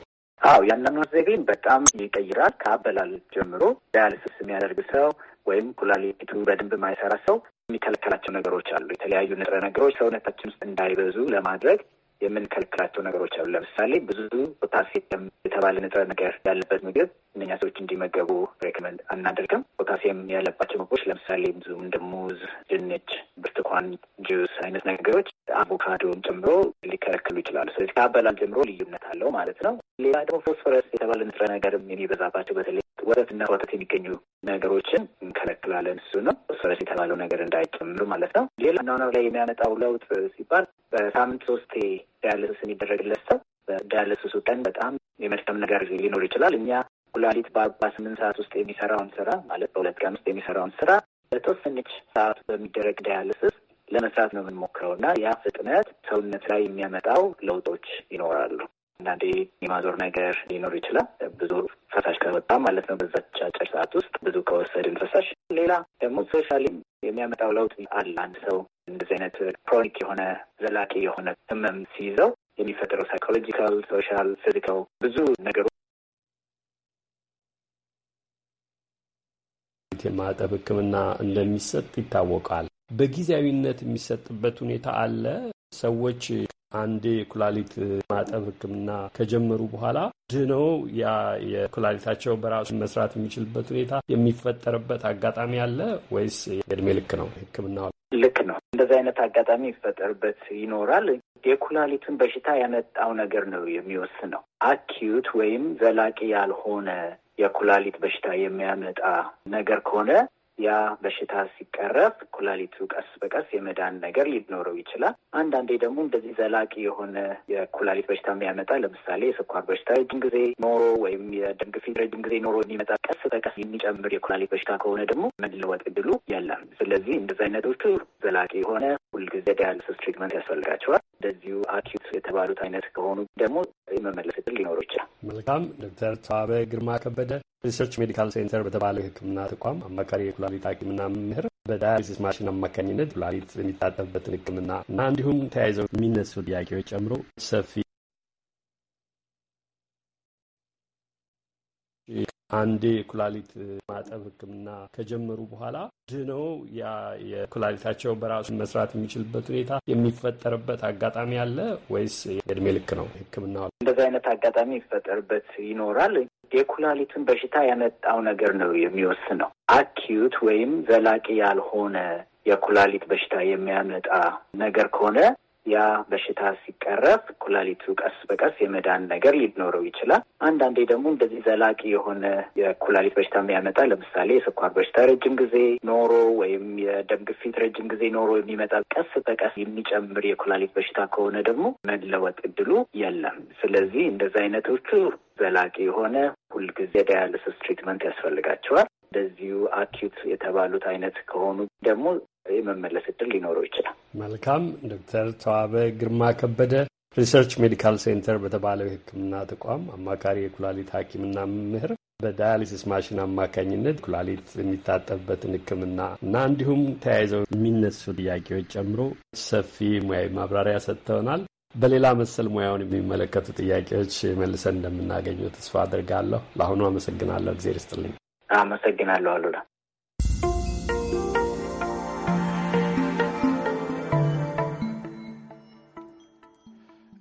አዎ የአኗኗር ዘይቤን በጣም ይቀይራል። ከአበላል ጀምሮ ዳያልስስ የሚያደርግ ሰው ወይም ኩላሊቱ በደንብ ማይሰራ ሰው የሚከለከላቸው ነገሮች አሉ። የተለያዩ ንጥረ ነገሮች ሰውነታችን ውስጥ እንዳይበዙ ለማድረግ የምንከለክላቸው ነገሮች አሉ። ለምሳሌ ብዙ ፖታሲየም የተባለ ንጥረ ነገር ያለበት ምግብ እነኛ ሰዎች እንዲመገቡ ሬኮመንድ አናደርግም። ፖታሲየም ያለባቸው ምግቦች ለምሳሌ ብዙ እንደ ሙዝ፣ ድንች፣ ብርቱካን ጁስ አይነት ነገሮች አቮካዶን ጨምሮ ሊከለከሉ ይችላሉ። ስለዚህ ከአበላል ጀምሮ ልዩነት አለው ማለት ነው። ሌላ ደግሞ ፎስፈረስ የተባለ ንጥረ ነገርም የሚበዛባቸው በተለይ ወተትና ወተት የሚገኙ ነገሮችን እንከለክላለን። እሱ ነው ፎስፈረስ የተባለው ነገር እንዳይጨምር ማለት ነው። ሌላ ናና ላይ የሚያመጣው ለውጥ ሲባል በሳምንት ሶስቴ ዳያልስስ የሚደረግለት ሰው በዳያልስሱ ቀን በጣም የመድከም ነገር ሊኖር ይችላል። እኛ ኩላሊት በአባ ስምንት ሰዓት ውስጥ የሚሰራውን ስራ ማለት በሁለት ቀን ውስጥ የሚሰራውን ስራ በተወሰነች ሰዓት በሚደረግ ዳያልስስ ለመስራት ነው የምንሞክረው እና ያ ፍጥነት ሰውነት ላይ የሚያመጣው ለውጦች ይኖራሉ። አንዳንዴ የማዞር ነገር ሊኖር ይችላል። ብዙ ፈሳሽ ከወጣ ማለት ነው። በዛች አጭር ሰዓት ውስጥ ብዙ ከወሰድን ፈሳሽ። ሌላ ደግሞ ሶሻሊ የሚያመጣው ለውጥ አለ። አንድ ሰው እንደዚህ አይነት ክሮኒክ የሆነ ዘላቂ የሆነ ህመም ሲይዘው የሚፈጠረው ሳይኮሎጂካል፣ ሶሻል፣ ፊዚካል ብዙ ነገሮች የማጠብ ሕክምና እንደሚሰጥ ይታወቃል። በጊዜያዊነት የሚሰጥበት ሁኔታ አለ። ሰዎች አንዴ የኩላሊት ማጠብ ሕክምና ከጀመሩ በኋላ ድነው ያ የኩላሊታቸው በራሱ መስራት የሚችልበት ሁኔታ የሚፈጠርበት አጋጣሚ አለ ወይስ የእድሜ ልክ ነው ሕክምና? ልክ ነው። እንደዚህ አይነት አጋጣሚ ይፈጠርበት ይኖራል። የኩላሊትን በሽታ ያመጣው ነገር ነው የሚወስነው። አኪዩት ወይም ዘላቂ ያልሆነ የኩላሊት በሽታ የሚያመጣ ነገር ከሆነ ያ በሽታ ሲቀረፍ ኩላሊቱ ቀስ በቀስ የመዳን ነገር ሊኖረው ይችላል። አንዳንዴ ደግሞ እንደዚህ ዘላቂ የሆነ የኩላሊት በሽታ የሚያመጣ ለምሳሌ የስኳር በሽታ ረጅም ጊዜ ኖሮ ወይም የደም ግፊት ረጅም ጊዜ ኖሮ የሚመጣ ቀስ በቀስ የሚጨምር የኩላሊት በሽታ ከሆነ ደግሞ መለወጥ እድሉ የለም። ስለዚህ እንደዚህ አይነቶቹ ዘላቂ የሆነ ሁልጊዜ ዳያልሲስ ትሪትመንት ያስፈልጋቸዋል። እንደዚሁ አኪዩት የተባሉት አይነት ከሆኑ ደግሞ የመመለስ እድል ሊኖረው ይችላል። መልካም ዶክተር ተዋበ ግርማ ከበደ ሪሰርች ሜዲካል ሴንተር በተባለው የሕክምና ተቋም አማካሪ የኩላሊት ሐኪምና መምህር በዳያሊሲስ ማሽን አማካኝነት ኩላሊት የሚታጠብበትን ሕክምና እና እንዲሁም ተያይዘው የሚነሱ ጥያቄዎች ጨምሮ ሰፊ አንዴ የኩላሊት ማጠብ ሕክምና ከጀመሩ በኋላ ድነው ያ የኩላሊታቸው በራሱ መስራት የሚችልበት ሁኔታ የሚፈጠርበት አጋጣሚ አለ ወይስ የእድሜ ልክ ነው ሕክምናው? እንደዚ አይነት አጋጣሚ ይፈጠርበት ይኖራል። የኩላሊትን በሽታ ያመጣው ነገር ነው የሚወስነው። አኪዩት ወይም ዘላቂ ያልሆነ የኩላሊት በሽታ የሚያመጣ ነገር ከሆነ ያ በሽታ ሲቀረፍ ኩላሊቱ ቀስ በቀስ የመዳን ነገር ሊኖረው ይችላል። አንዳንዴ ደግሞ እንደዚህ ዘላቂ የሆነ የኩላሊት በሽታ የሚያመጣ ለምሳሌ የስኳር በሽታ ረጅም ጊዜ ኖሮ ወይም የደም ግፊት ረጅም ጊዜ ኖሮ የሚመጣ ቀስ በቀስ የሚጨምር የኩላሊት በሽታ ከሆነ ደግሞ መለወጥ እድሉ የለም። ስለዚህ እንደዚህ አይነቶቹ ዘላቂ የሆነ ሁልጊዜ ዳያልስስ ትሪትመንት ያስፈልጋቸዋል። እንደዚሁ አኪዩት የተባሉት አይነት ከሆኑ ደግሞ የመመለስ እድል ሊኖረው ይችላል። መልካም ዶክተር ተዋበ ግርማ ከበደ ሪሰርች ሜዲካል ሴንተር በተባለው የሕክምና ተቋም አማካሪ የኩላሊት ሐኪምና መምህር በዳያሊሲስ ማሽን አማካኝነት ኩላሊት የሚታጠብበትን ሕክምና እና እንዲሁም ተያይዘው የሚነሱ ጥያቄዎች ጨምሮ ሰፊ ሙያዊ ማብራሪያ ሰጥተውናል። በሌላ መሰል ሙያውን የሚመለከቱ ጥያቄዎች መልሰን እንደምናገኘው ተስፋ አድርጋለሁ። ለአሁኑ አመሰግናለሁ። እግዜር ይስጥልኝ። አመሰግናለሁ አሉላ።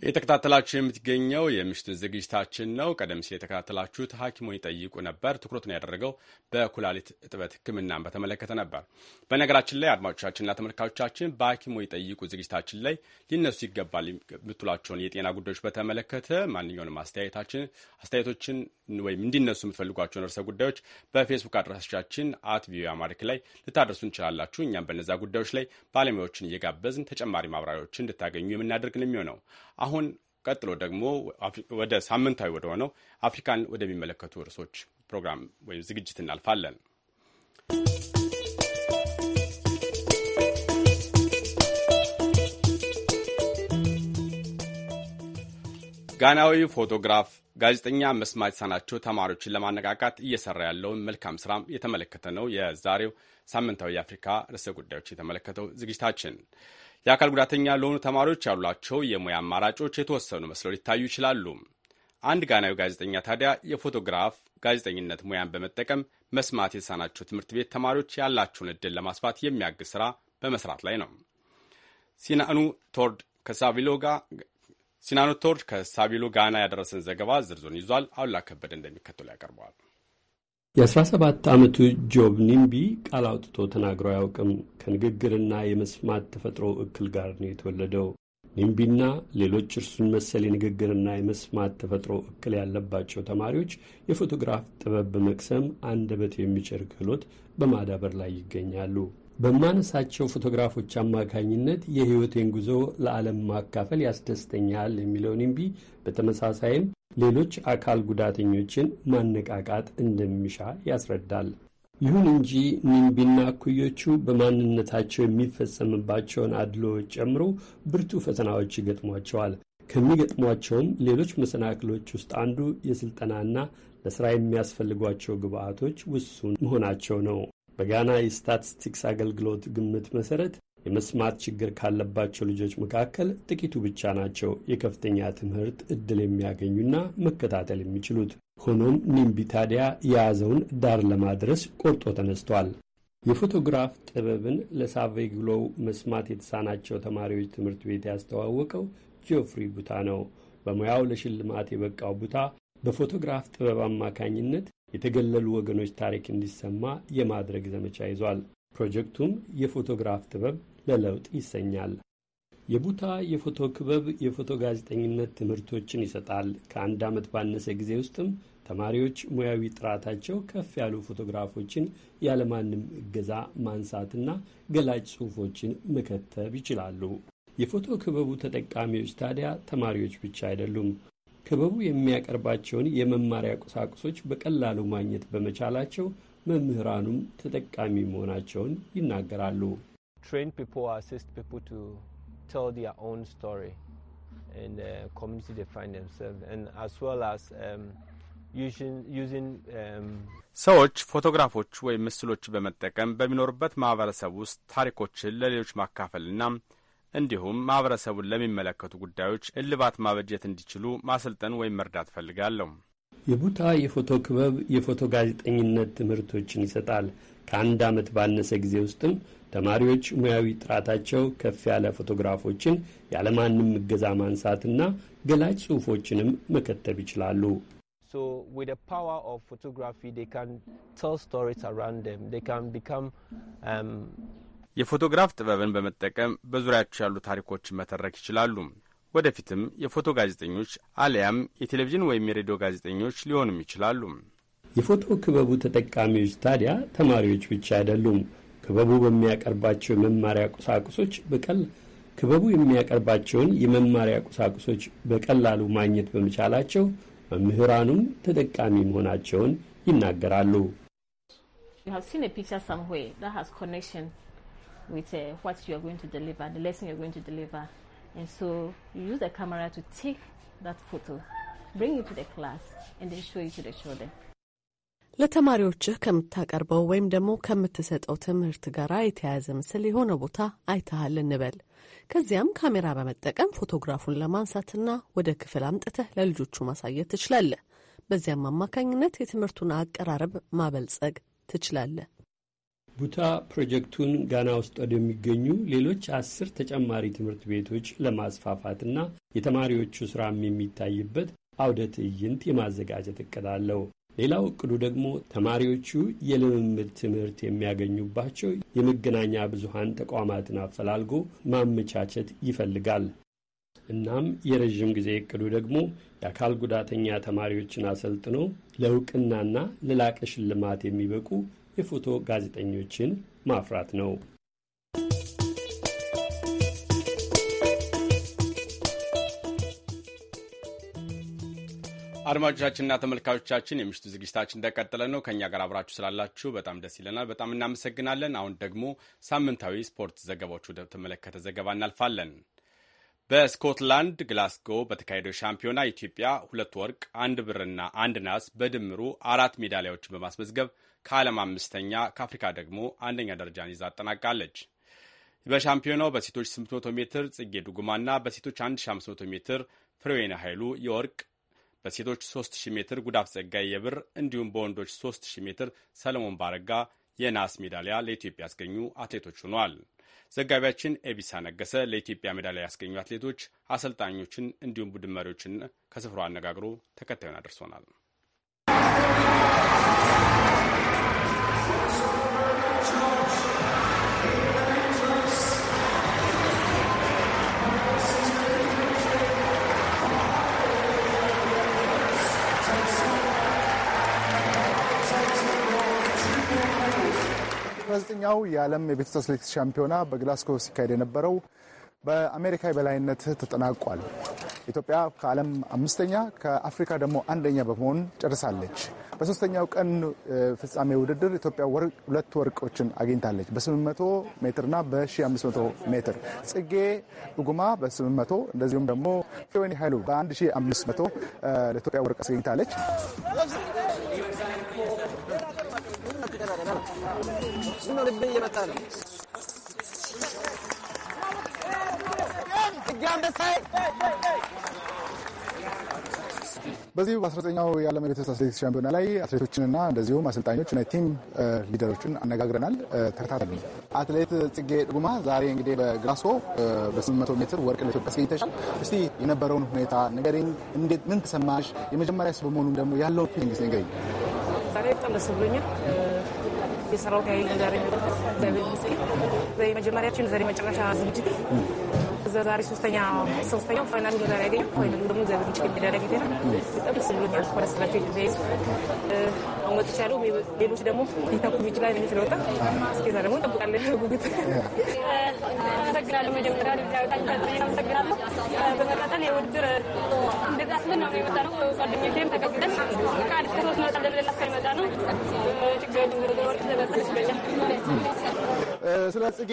የተከታተላችሁ የምትገኘው የምሽት ዝግጅታችን ነው። ቀደም ሲል የተከታተላችሁት ሐኪሙን ይጠይቁ ነበር። ትኩረቱን ያደረገው በኩላሊት እጥበት ሕክምናን በተመለከተ ነበር። በነገራችን ላይ አድማጮቻችንና ተመልካቾቻችን በሐኪሙን ይጠይቁ ዝግጅታችን ላይ ሊነሱ ይገባል የምትሏቸውን የጤና ጉዳዮች በተመለከተ ማንኛውንም አስተያየታችን አስተያየቶችን ወይም እንዲነሱ የምትፈልጓቸውን ርዕሰ ጉዳዮች በፌስቡክ አድራሻችን አት ቪኦኤ አማሪክ ላይ ልታደርሱ እንችላላችሁ። እኛም በነዛ ጉዳዮች ላይ ባለሙያዎችን እየጋበዝን ተጨማሪ ማብራሪያዎችን እንድታገኙ የምናደርግ ነው የሚሆነው አሁን አሁን ቀጥሎ ደግሞ ወደ ሳምንታዊ ወደ ሆነው አፍሪካን ወደሚመለከቱ ርዕሶች ፕሮግራም ወይም ዝግጅት እናልፋለን። ጋናዊ ፎቶግራፍ ጋዜጠኛ መስማት የተሳናቸው ተማሪዎችን ለማነቃቃት እየሰራ ያለውን መልካም ስራም የተመለከተ ነው የዛሬው ሳምንታዊ የአፍሪካ ርዕሰ ጉዳዮች የተመለከተው ዝግጅታችን። የአካል ጉዳተኛ ለሆኑ ተማሪዎች ያሏቸው የሙያ አማራጮች የተወሰኑ መስለው ሊታዩ ይችላሉ። አንድ ጋናዊ ጋዜጠኛ ታዲያ የፎቶግራፍ ጋዜጠኝነት ሙያን በመጠቀም መስማት የተሳናቸው ትምህርት ቤት ተማሪዎች ያላቸውን እድል ለማስፋት የሚያግዝ ስራ በመስራት ላይ ነው። ሲናኑ ቶርድ ከሳቪሎ ጋር ሲናኑ ቶርድ ከሳቪሎ ጋና ያደረሰን ዘገባ ዝርዝሩን ይዟል። አሉላ ከበደ እንደሚከተሉ ያቀርበዋል። የ17 ዓመቱ ጆብ ኒምቢ ቃል አውጥቶ ተናግሮ አያውቅም። ከንግግርና የመስማት ተፈጥሮ እክል ጋር ነው የተወለደው። ኒምቢና ሌሎች እርሱን መሰል የንግግርና የመስማት ተፈጥሮ እክል ያለባቸው ተማሪዎች የፎቶግራፍ ጥበብ በመቅሰም አንደበት የሚጭር ክህሎት በማዳበር ላይ ይገኛሉ። በማነሳቸው ፎቶግራፎች አማካኝነት የህይወቴን ጉዞ ለዓለም ማካፈል ያስደስተኛል የሚለውን እምቢ በተመሳሳይም ሌሎች አካል ጉዳተኞችን ማነቃቃት እንደሚሻ ያስረዳል። ይሁን እንጂ ኒምቢና እኩዮቹ በማንነታቸው የሚፈጸምባቸውን አድሎዎች ጨምሮ ብርቱ ፈተናዎች ይገጥሟቸዋል። ከሚገጥሟቸውም ሌሎች መሰናክሎች ውስጥ አንዱ የሥልጠናና ለሥራ የሚያስፈልጓቸው ግብአቶች ውሱን መሆናቸው ነው። በጋና የስታቲስቲክስ አገልግሎት ግምት መሠረት የመስማት ችግር ካለባቸው ልጆች መካከል ጥቂቱ ብቻ ናቸው የከፍተኛ ትምህርት ዕድል የሚያገኙና መከታተል የሚችሉት። ሆኖም ኒምቢ ታዲያ የያዘውን ዳር ለማድረስ ቆርጦ ተነስቷል። የፎቶግራፍ ጥበብን ለሳቬግሎው መስማት የተሳናቸው ተማሪዎች ትምህርት ቤት ያስተዋወቀው ጆፍሪ ቡታ ነው። በሙያው ለሽልማት የበቃው ቡታ በፎቶግራፍ ጥበብ አማካኝነት የተገለሉ ወገኖች ታሪክ እንዲሰማ የማድረግ ዘመቻ ይዟል። ፕሮጀክቱም የፎቶግራፍ ጥበብ ለለውጥ ይሰኛል። የቡታ የፎቶ ክበብ የፎቶ ጋዜጠኝነት ትምህርቶችን ይሰጣል። ከአንድ ዓመት ባነሰ ጊዜ ውስጥም ተማሪዎች ሙያዊ ጥራታቸው ከፍ ያሉ ፎቶግራፎችን ያለማንም እገዛ ማንሳትና ገላጭ ጽሑፎችን መከተብ ይችላሉ። የፎቶ ክበቡ ተጠቃሚዎች ታዲያ ተማሪዎች ብቻ አይደሉም። ክበቡ የሚያቀርባቸውን የመማሪያ ቁሳቁሶች በቀላሉ ማግኘት በመቻላቸው መምህራኑም ተጠቃሚ መሆናቸውን ይናገራሉ። ሰዎች ፎቶግራፎች ወይም ምስሎች በመጠቀም በሚኖሩበት ማህበረሰብ ውስጥ ታሪኮችን ለሌሎች ማካፈልና እንዲሁም ማህበረሰቡን ለሚመለከቱ ጉዳዮች እልባት ማበጀት እንዲችሉ ማሰልጠን ወይም መርዳት ፈልጋለሁ። የቡታ የፎቶ ክበብ የፎቶ ጋዜጠኝነት ትምህርቶችን ይሰጣል። ከአንድ ዓመት ባነሰ ጊዜ ውስጥም ተማሪዎች ሙያዊ ጥራታቸው ከፍ ያለ ፎቶግራፎችን ያለማንም እገዛ ማንሳትና ገላጭ ጽሑፎችንም መከተብ ይችላሉ። የፎቶግራፍ ጥበብን በመጠቀም በዙሪያቸው ያሉ ታሪኮችን መተረክ ይችላሉ። ወደፊትም የፎቶ ጋዜጠኞች አሊያም የቴሌቪዥን ወይም የሬዲዮ ጋዜጠኞች ሊሆኑም ይችላሉ። የፎቶ ክበቡ ተጠቃሚዎች ታዲያ ተማሪዎች ብቻ አይደሉም። ክበቡ በሚያቀርባቸው የመማሪያ ቁሳቁሶች በቀል ክበቡ የሚያቀርባቸውን የመማሪያ ቁሳቁሶች በቀላሉ ማግኘት በመቻላቸው መምህራኑም ተጠቃሚ መሆናቸውን ይናገራሉ። with uh, what you are going to deliver, the lesson you're going to deliver. And so you use the camera to take that photo, bring it to the class, and then show it to the children. ለተማሪዎችህ ከምታቀርበው ወይም ደግሞ ከምትሰጠው ትምህርት ጋር የተያያዘ ምስል የሆነ ቦታ አይተሃል እንበል። ከዚያም ካሜራ በመጠቀም ፎቶግራፉን ለማንሳትና ወደ ክፍል አምጥተህ ለልጆቹ ማሳየት ትችላለህ። በዚያም አማካኝነት የትምህርቱን አቀራረብ ማበልጸግ ትችላለህ። ቡታ ፕሮጀክቱን ጋና ውስጥ ወደሚገኙ ሌሎች አስር ተጨማሪ ትምህርት ቤቶች ለማስፋፋትና የተማሪዎቹ ስራም የሚታይበት አውደ ትዕይንት የማዘጋጀት እቅድ አለው። ሌላው እቅዱ ደግሞ ተማሪዎቹ የልምምድ ትምህርት የሚያገኙባቸው የመገናኛ ብዙሃን ተቋማትን አፈላልጎ ማመቻቸት ይፈልጋል። እናም የረዥም ጊዜ እቅዱ ደግሞ የአካል ጉዳተኛ ተማሪዎችን አሰልጥኖ ለእውቅናና ለላቀ ሽልማት የሚበቁ የፎቶ ጋዜጠኞችን ማፍራት ነው። አድማጮቻችንና ተመልካቾቻችን የምሽቱ ዝግጅታችን እንደቀጠለ ነው። ከእኛ ጋር አብራችሁ ስላላችሁ በጣም ደስ ይለናል። በጣም እናመሰግናለን። አሁን ደግሞ ሳምንታዊ ስፖርት ዘገባዎች ወደ ተመለከተ ዘገባ እናልፋለን። በስኮትላንድ ግላስጎ በተካሄደው ሻምፒዮና ኢትዮጵያ ሁለት ወርቅ፣ አንድ ብርና አንድ ናስ በድምሩ አራት ሜዳሊያዎችን በማስመዝገብ ከዓለም አምስተኛ ከአፍሪካ ደግሞ አንደኛ ደረጃን ይዛ አጠናቃለች። በሻምፒዮናው በሴቶች 800 ሜትር ጽጌ ዱጉማና በሴቶች 1500 ሜትር ፍሬዌና ኃይሉ የወርቅ በሴቶች 3000 ሜትር ጉዳፍ ጸጋይ የብር እንዲሁም በወንዶች 3000 ሜትር ሰለሞን ባረጋ የናስ ሜዳሊያ ለኢትዮጵያ ያስገኙ አትሌቶች ሆኗል። ዘጋቢያችን ኤቢሳ ነገሰ ለኢትዮጵያ ሜዳሊያ ያስገኙ አትሌቶች፣ አሰልጣኞችን እንዲሁም ቡድን መሪዎችን ከስፍራው አነጋግሮ ተከታዩን አድርሶናል። አስረኛው የዓለም የቤት ውስጥ አትሌቲክስ ሻምፒዮና በግላስኮ ሲካሄድ የነበረው በአሜሪካ የበላይነት ተጠናቋል። ኢትዮጵያ ከዓለም አምስተኛ ከአፍሪካ ደግሞ አንደኛ በመሆን ጨርሳለች። በሶስተኛው ቀን ፍጻሜ ውድድር ኢትዮጵያ ሁለት ወርቆችን አግኝታለች፣ በ800 ሜትርና በ1500 ሜትር። ጽጌ ዱጉማ በ800 እንደዚሁም ደግሞ ፌወኒ ኃይሉ በ1500 ለኢትዮጵያ ወርቅ አስገኝታለች። ዝም ብሎ እየመጣ ነው። በዚህ በ19ኛው የዓለም የቤት ውስጥ አትሌቲክስ ሻምፒዮና ላይ አትሌቶችንና እንደዚሁም አሰልጣኞች እና ቲም ሊደሮችን አነጋግረናል። ተከታተሉ። አትሌት ጽጌ ድጉማ ዛሬ እንግዲህ በግራስኮ በ800 ሜትር ወርቅ ለኢትዮጵያ አስገኝተሻል። እስቲ የነበረውን ሁኔታ ንገሪኝ። እንዴት ምን ተሰማሽ? የመጀመሪያ በመሆኑም ደግሞ ያለውን ፊሊንግ ንገሪኝ። ዛሬ በጣም ደስ ብሎኛል። የሰራሁት ያህል ነገር የሚመጀመሪያችን ዛሬ መጨረሻ ዝግጅት ዛሬ ሶስተኛ ሶስተኛው ፋይናል ዛሬ ያገኘው ወይ ደግሞ እግዚአብሔር ውጭ የሚደረግ ይሆናል። በጣም ደስ ብሎኛል። ኮረስላቸው ኢትዮጵያስ አመጥቻለሁ። ሌሎች ደግሞ ሊተኩ ይችላል የሚል ስለወጣ እስከዛ ደግሞ እንጠብቃለን ጉጉት። አመሰግናለሁ። መጀመሪያ አመሰግናለሁ። በመቀጠል የውድድር እንደዛስልን ነው የመጣ ነው ጓደኞቼም ተቀብለን ከአዲስ ከሶስት መጣ ደብለላ ስከመጣ ነው ችግር ድንግር ወርቅ ተበጠ ስለ ጽጌ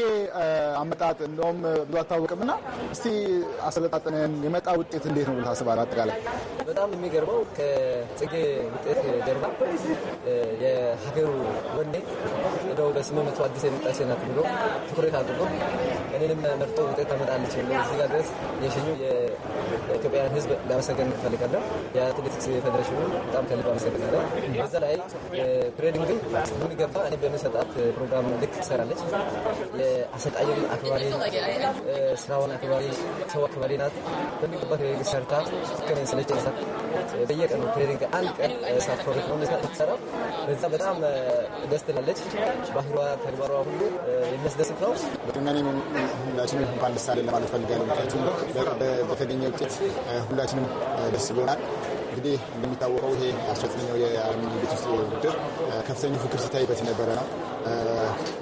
አመጣጥ እንደውም ብዙ አታወቅም ና እስቲ አሰለጣጥነን የመጣ ውጤት እንዴት ነው ብለህ ታስባለህ? አጠቃላይ በጣም የሚገርመው ከጽጌ ውጤት ጀርባ የሀገሩ ወኔ ደው በስመ መቶ አዲስ የመጣ ሴናት ብሎ ትኩረት አድርጎ እኔንም መርጦ ውጤት ታመጣለች እዚህ እዚጋ ድረስ የሸኙ ኢትዮጵያን ህዝብ ለመሰገን እንፈልጋለን። የአትሌቲክስ ፌዴሬሽኑ በጣም ከልብ አመሰግናለን። በዛ ላይ ትሬኒንግ ምን ገባ እኔ በምሰጣት ፕሮግራም ልክ ትሰራለች። የአሰልጣኝን አክባሪ፣ ስራውን አክባሪ፣ ሰው አክባሪ ናት። በሚገባ ትሬኒንግ ሰርታ እስከምን ስለች ነሳ በየቀኑ ትሬኒንግ አንድ ቀን ሳትፈርቅ ነው ትሰራ። በዛ በጣም ደስ ትላለች። ባህሯ ተግባሯ ሁሉ የሚያስደስት ነው። ናሽናል እንኳን ደስ አለን ለማለት ፈልጋለሁ። ምክንያቱም በተገኘ ውጤት ሁላችንም ደስ ብሎናል። እንግዲህ እንደሚታወቀው ይሄ አስራዘጠነኛው የዓለም ቤት ውስጥ ውድድር ከፍተኛ ፉክክር ሲታይበት የነበረ ነው።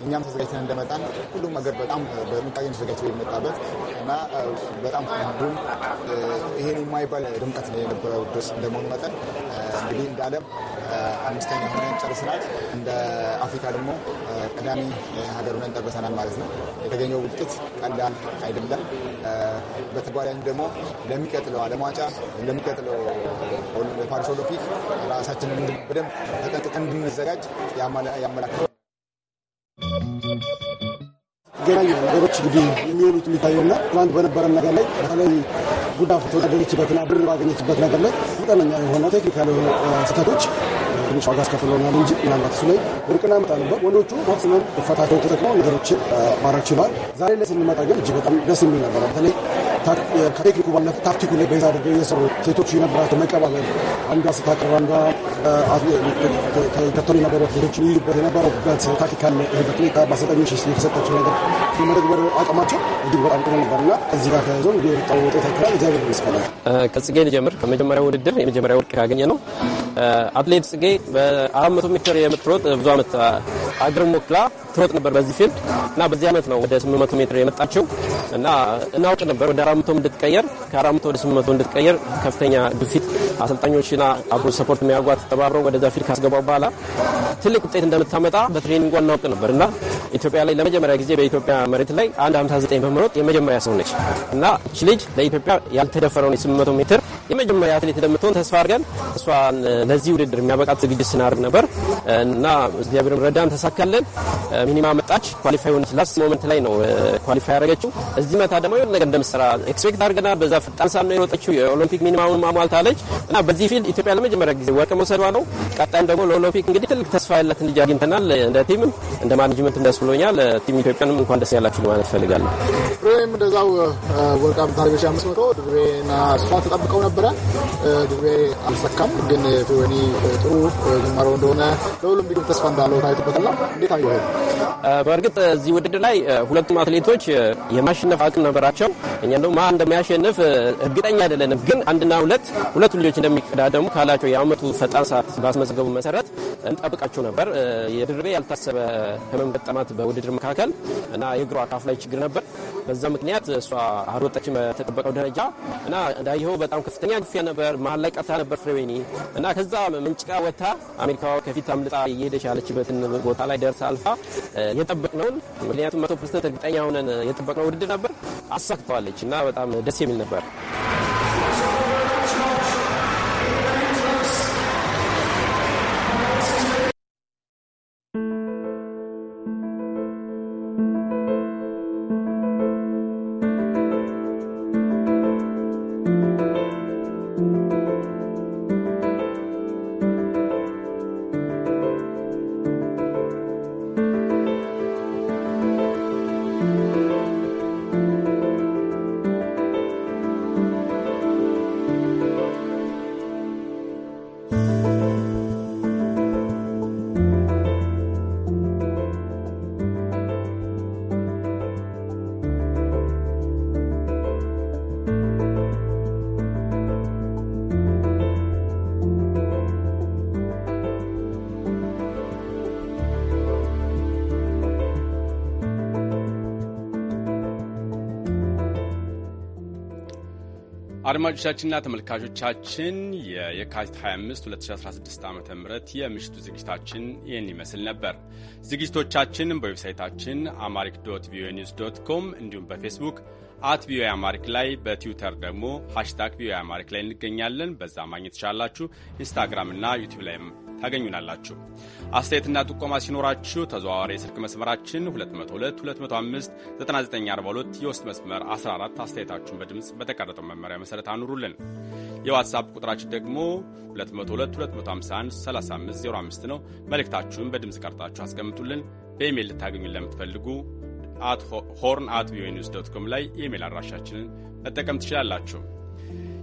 እኛም ተዘጋጅተን እንደመጣን ሁሉም ነገር በጣም በጥንቃቄ ተዘጋጅቶ የመጣበት እና በጣም ሁሉም ይሄን የማይባል ድምቀት የነበረው ድረስ እንደመሆኑ መጠን እንግዲህ እንደ ዓለም አምስተኛ ሆነን ጨርሰናል። እንደ አፍሪካ ደግሞ ቀዳሚ ሀገር ሆነን ጨርሰናል ማለት ነው። የተገኘው ውጤት ቀላል አይደለም። በተጓዳኝ ደግሞ ለሚቀጥለው ዓለም ዋንጫ ለሚቀጥለው የፓሪስ ኦሎምፒክ ራሳችንን በደንብ ተጠንቅቀን እንድንዘጋጅ ያመላክታል። ገና ነገሮች እንግዲህ የሚሆኑት የሚታየውና ትናንት በነበረን ነገር ላይ በተለይ ጉዳፍ ተወዳደረችበትና ብር ባገኘችበት ነገር ላይ መጠነኛ የሆነ ቴክኒካል ስህተቶች ትንሽ ዋጋ አስከፍሎናል እንጂ ምናልባት እሱ ላይ ብርቅና መጣ ነበር። ወንዶቹ ማክሲመም እፈታቸውን ተጠቅመው ነገሮችን ማድረግ ችሏል። ዛሬ ላይ ስንመጣ ግን እጅግ በጣም ደስ የሚል ነበረ። በተለይ ከቴክኒኩ ባለፈ ታክቲኩ ላይ በዛ አድርገው እየሰሩ ሴቶች የነበራቸው መቀባበል፣ አንዷ ስታቀር አንዷ ከተሉ ነበረ ሴቶችን ይዩበት የነበረበት ታክቲካል በተለይ በአሰልጣኞች የተሰጠችው ነገር የመተግበር አቅማቸው እጅግ በጣም ጥሩ ነበር እና እዚህ ጋር ተያይዞ እንግዲህ የመጣው ውጤት አይተናል። እግዚአብሔር ይመስገናል። ከጽጌ ልጀምር። ከመጀመሪያ ውድድር የመጀመሪያ ወርቅ ያገኘ ነው አትሌት ጽጌ በአራት መቶ ሜትር የምትሮጥ ብዙ ዓመት አገርን ወክላ ትሮጥ ነበር በዚህ ፊልድ እና በዚህ ዓመት ነው ወደ 800 ሜትር የመጣችው እና እናውቅ ነበር ወደ 400 እንድትቀየር ከ400 ወደ 800 እንድትቀየር ከፍተኛ ግፊት አሰልጣኞችና አብሮ ሰፖርት የሚያጓት ተባብረው ወደዛ ፊልድ ካስገባው በኋላ ትልቅ ውጤት እንደምታመጣ በትሬኒንጓ እናውቅ ነበር እና ኢትዮጵያ ላይ ለመጀመሪያ ጊዜ በኢትዮጵያ መሬት ላይ 159 በመሮጥ የመጀመሪያ ሰው ነች እና እች ልጅ ለኢትዮጵያ ያልተደፈረውን የ800 ሜትር የመጀመሪያ አትሌት እንደምትሆን ተስፋ አድርገን እሷን ለዚህ ውድድር የሚያበቃት ዝግጅት ስናደርግ ነበር እና እግዚአብሔር ረዳን ተሳካለን። ሚኒማ መጣች። ኳሊፋይ ሆነች። ላስት ሞመንት ላይ ነው ኳሊፋይ ያደረገችው። እዚህ መታ ደግሞ የሆነ ነገር እንደምትሰራ ኤክስፔክት አድርገናል። በዛ ፍጣን ሳት ነው የሮጠችው። የኦሎምፒክ ሚኒማውን ማሟልታለች እና በዚህ ፊልድ ኢትዮጵያ ለመጀመሪያ ጊዜ ወርቅ መውሰዷ ነው። ቀጣይም ደግሞ ለኦሎምፒክ እንግዲህ ትልቅ ተስፋ ያላትን ልጅ አግኝተናል። እንደ ቲምም እንደ ማኔጅመንት ደስ ብሎኛል። ቲም ኢትዮጵያንም እንኳን ደስ ያላችሁ ማለት እፈልጋለሁ። እንደዛው ወርቅ አምታለች። አምስት መቶ ድሬና እሷ ተጠብቀው ነበር ነበረ። ድሬ አልሰካም፣ ግን ፊወኒ ጥሩ ጅማሮ እንደሆነ ለሁሉም ቢግብ ተስፋ እንዳለው ታይቶበታል። እንዴት አየሁ? በእርግጥ እዚህ ውድድር ላይ ሁለቱም አትሌቶች የማሸነፍ አቅም ነበራቸው። እኛ ደግሞ ማን እንደሚያሸንፍ እርግጠኛ አይደለንም፣ ግን አንድና ሁለት ሁለቱ ልጆች እንደሚቀዳደሙ ካላቸው የአመቱ ፈጣን ሰዓት ባስመዘገቡ መሰረት እንጠብቃቸው ነበር። የድርቤ ያልታሰበ ህመም ገጠማት በውድድር መካከል እና የእግሯ ካፍ ላይ ችግር ነበር። በዛ ምክንያት እሷ አልወጣችም በተጠበቀው ደረጃ እና እንዳየኸው በጣም ከፍተኛ ከፍተኛ ግፊያ ነበር፣ መሀል ላይ ቀርታ ነበር ፍሬዌኒ እና ከዛ ምንጭቃ ወታ አሜሪካ ከፊት አምልጣ እየሄደች ያለችበትን ቦታ ላይ ደርስ አልፋ የጠበቅነውን ምክንያቱም መቶ ፐርሰንት እርግጠኛ ሆነን የጠበቅነው ውድድር ነበር አሳክተዋለች እና በጣም ደስ የሚል ነበር። አድማጮቻችንና ተመልካቾቻችን የየካቲት 25 2016 ዓ ም የምሽቱ ዝግጅታችን ይህን ይመስል ነበር። ዝግጅቶቻችን በዌብሳይታችን አማሪክ ዶት ቪኦኤ ኒውስ ዶት ኮም እንዲሁም በፌስቡክ አት ቪኦኤ አማሪክ ላይ በትዊተር ደግሞ ሃሽታግ ቪኦኤ አማሪክ ላይ እንገኛለን። በዛ ማግኘት ይቻላችሁ። ኢንስታግራም እና ዩቲዩብ ላይም ታገኙናላችሁ። አስተያየትና ጥቆማ ሲኖራችሁ ተዘዋዋሪ የስልክ መስመራችን 2022059942 የውስጥ መስመር 14 አስተያየታችሁን በድምፅ በተቀረጠው መመሪያ መሠረት አኑሩልን። የዋትሳፕ ቁጥራችን ደግሞ 2022513505 ነው። መልእክታችሁን በድምፅ ቀርጣችሁ አስቀምጡልን። በኢሜይል ልታገኙን ለምትፈልጉ ሆርን አት ቪኦኤ ኒውስ ዶት ኮም ላይ የኢሜይል አድራሻችንን መጠቀም ትችላላችሁ።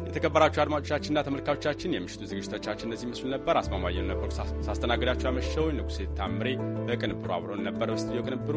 የተከበራችሁ አድማጮቻችንና ተመልካቾቻችን የምሽቱ ዝግጅቶቻችን እነዚህ ምስሉ ነበር። አስማማየን ነበሩ ሳስተናግዳችሁ ያመሸው ንጉሴ ታምሬ በቅንብሩ አብሮን ነበር። በስቱዲዮ ቅንብሩ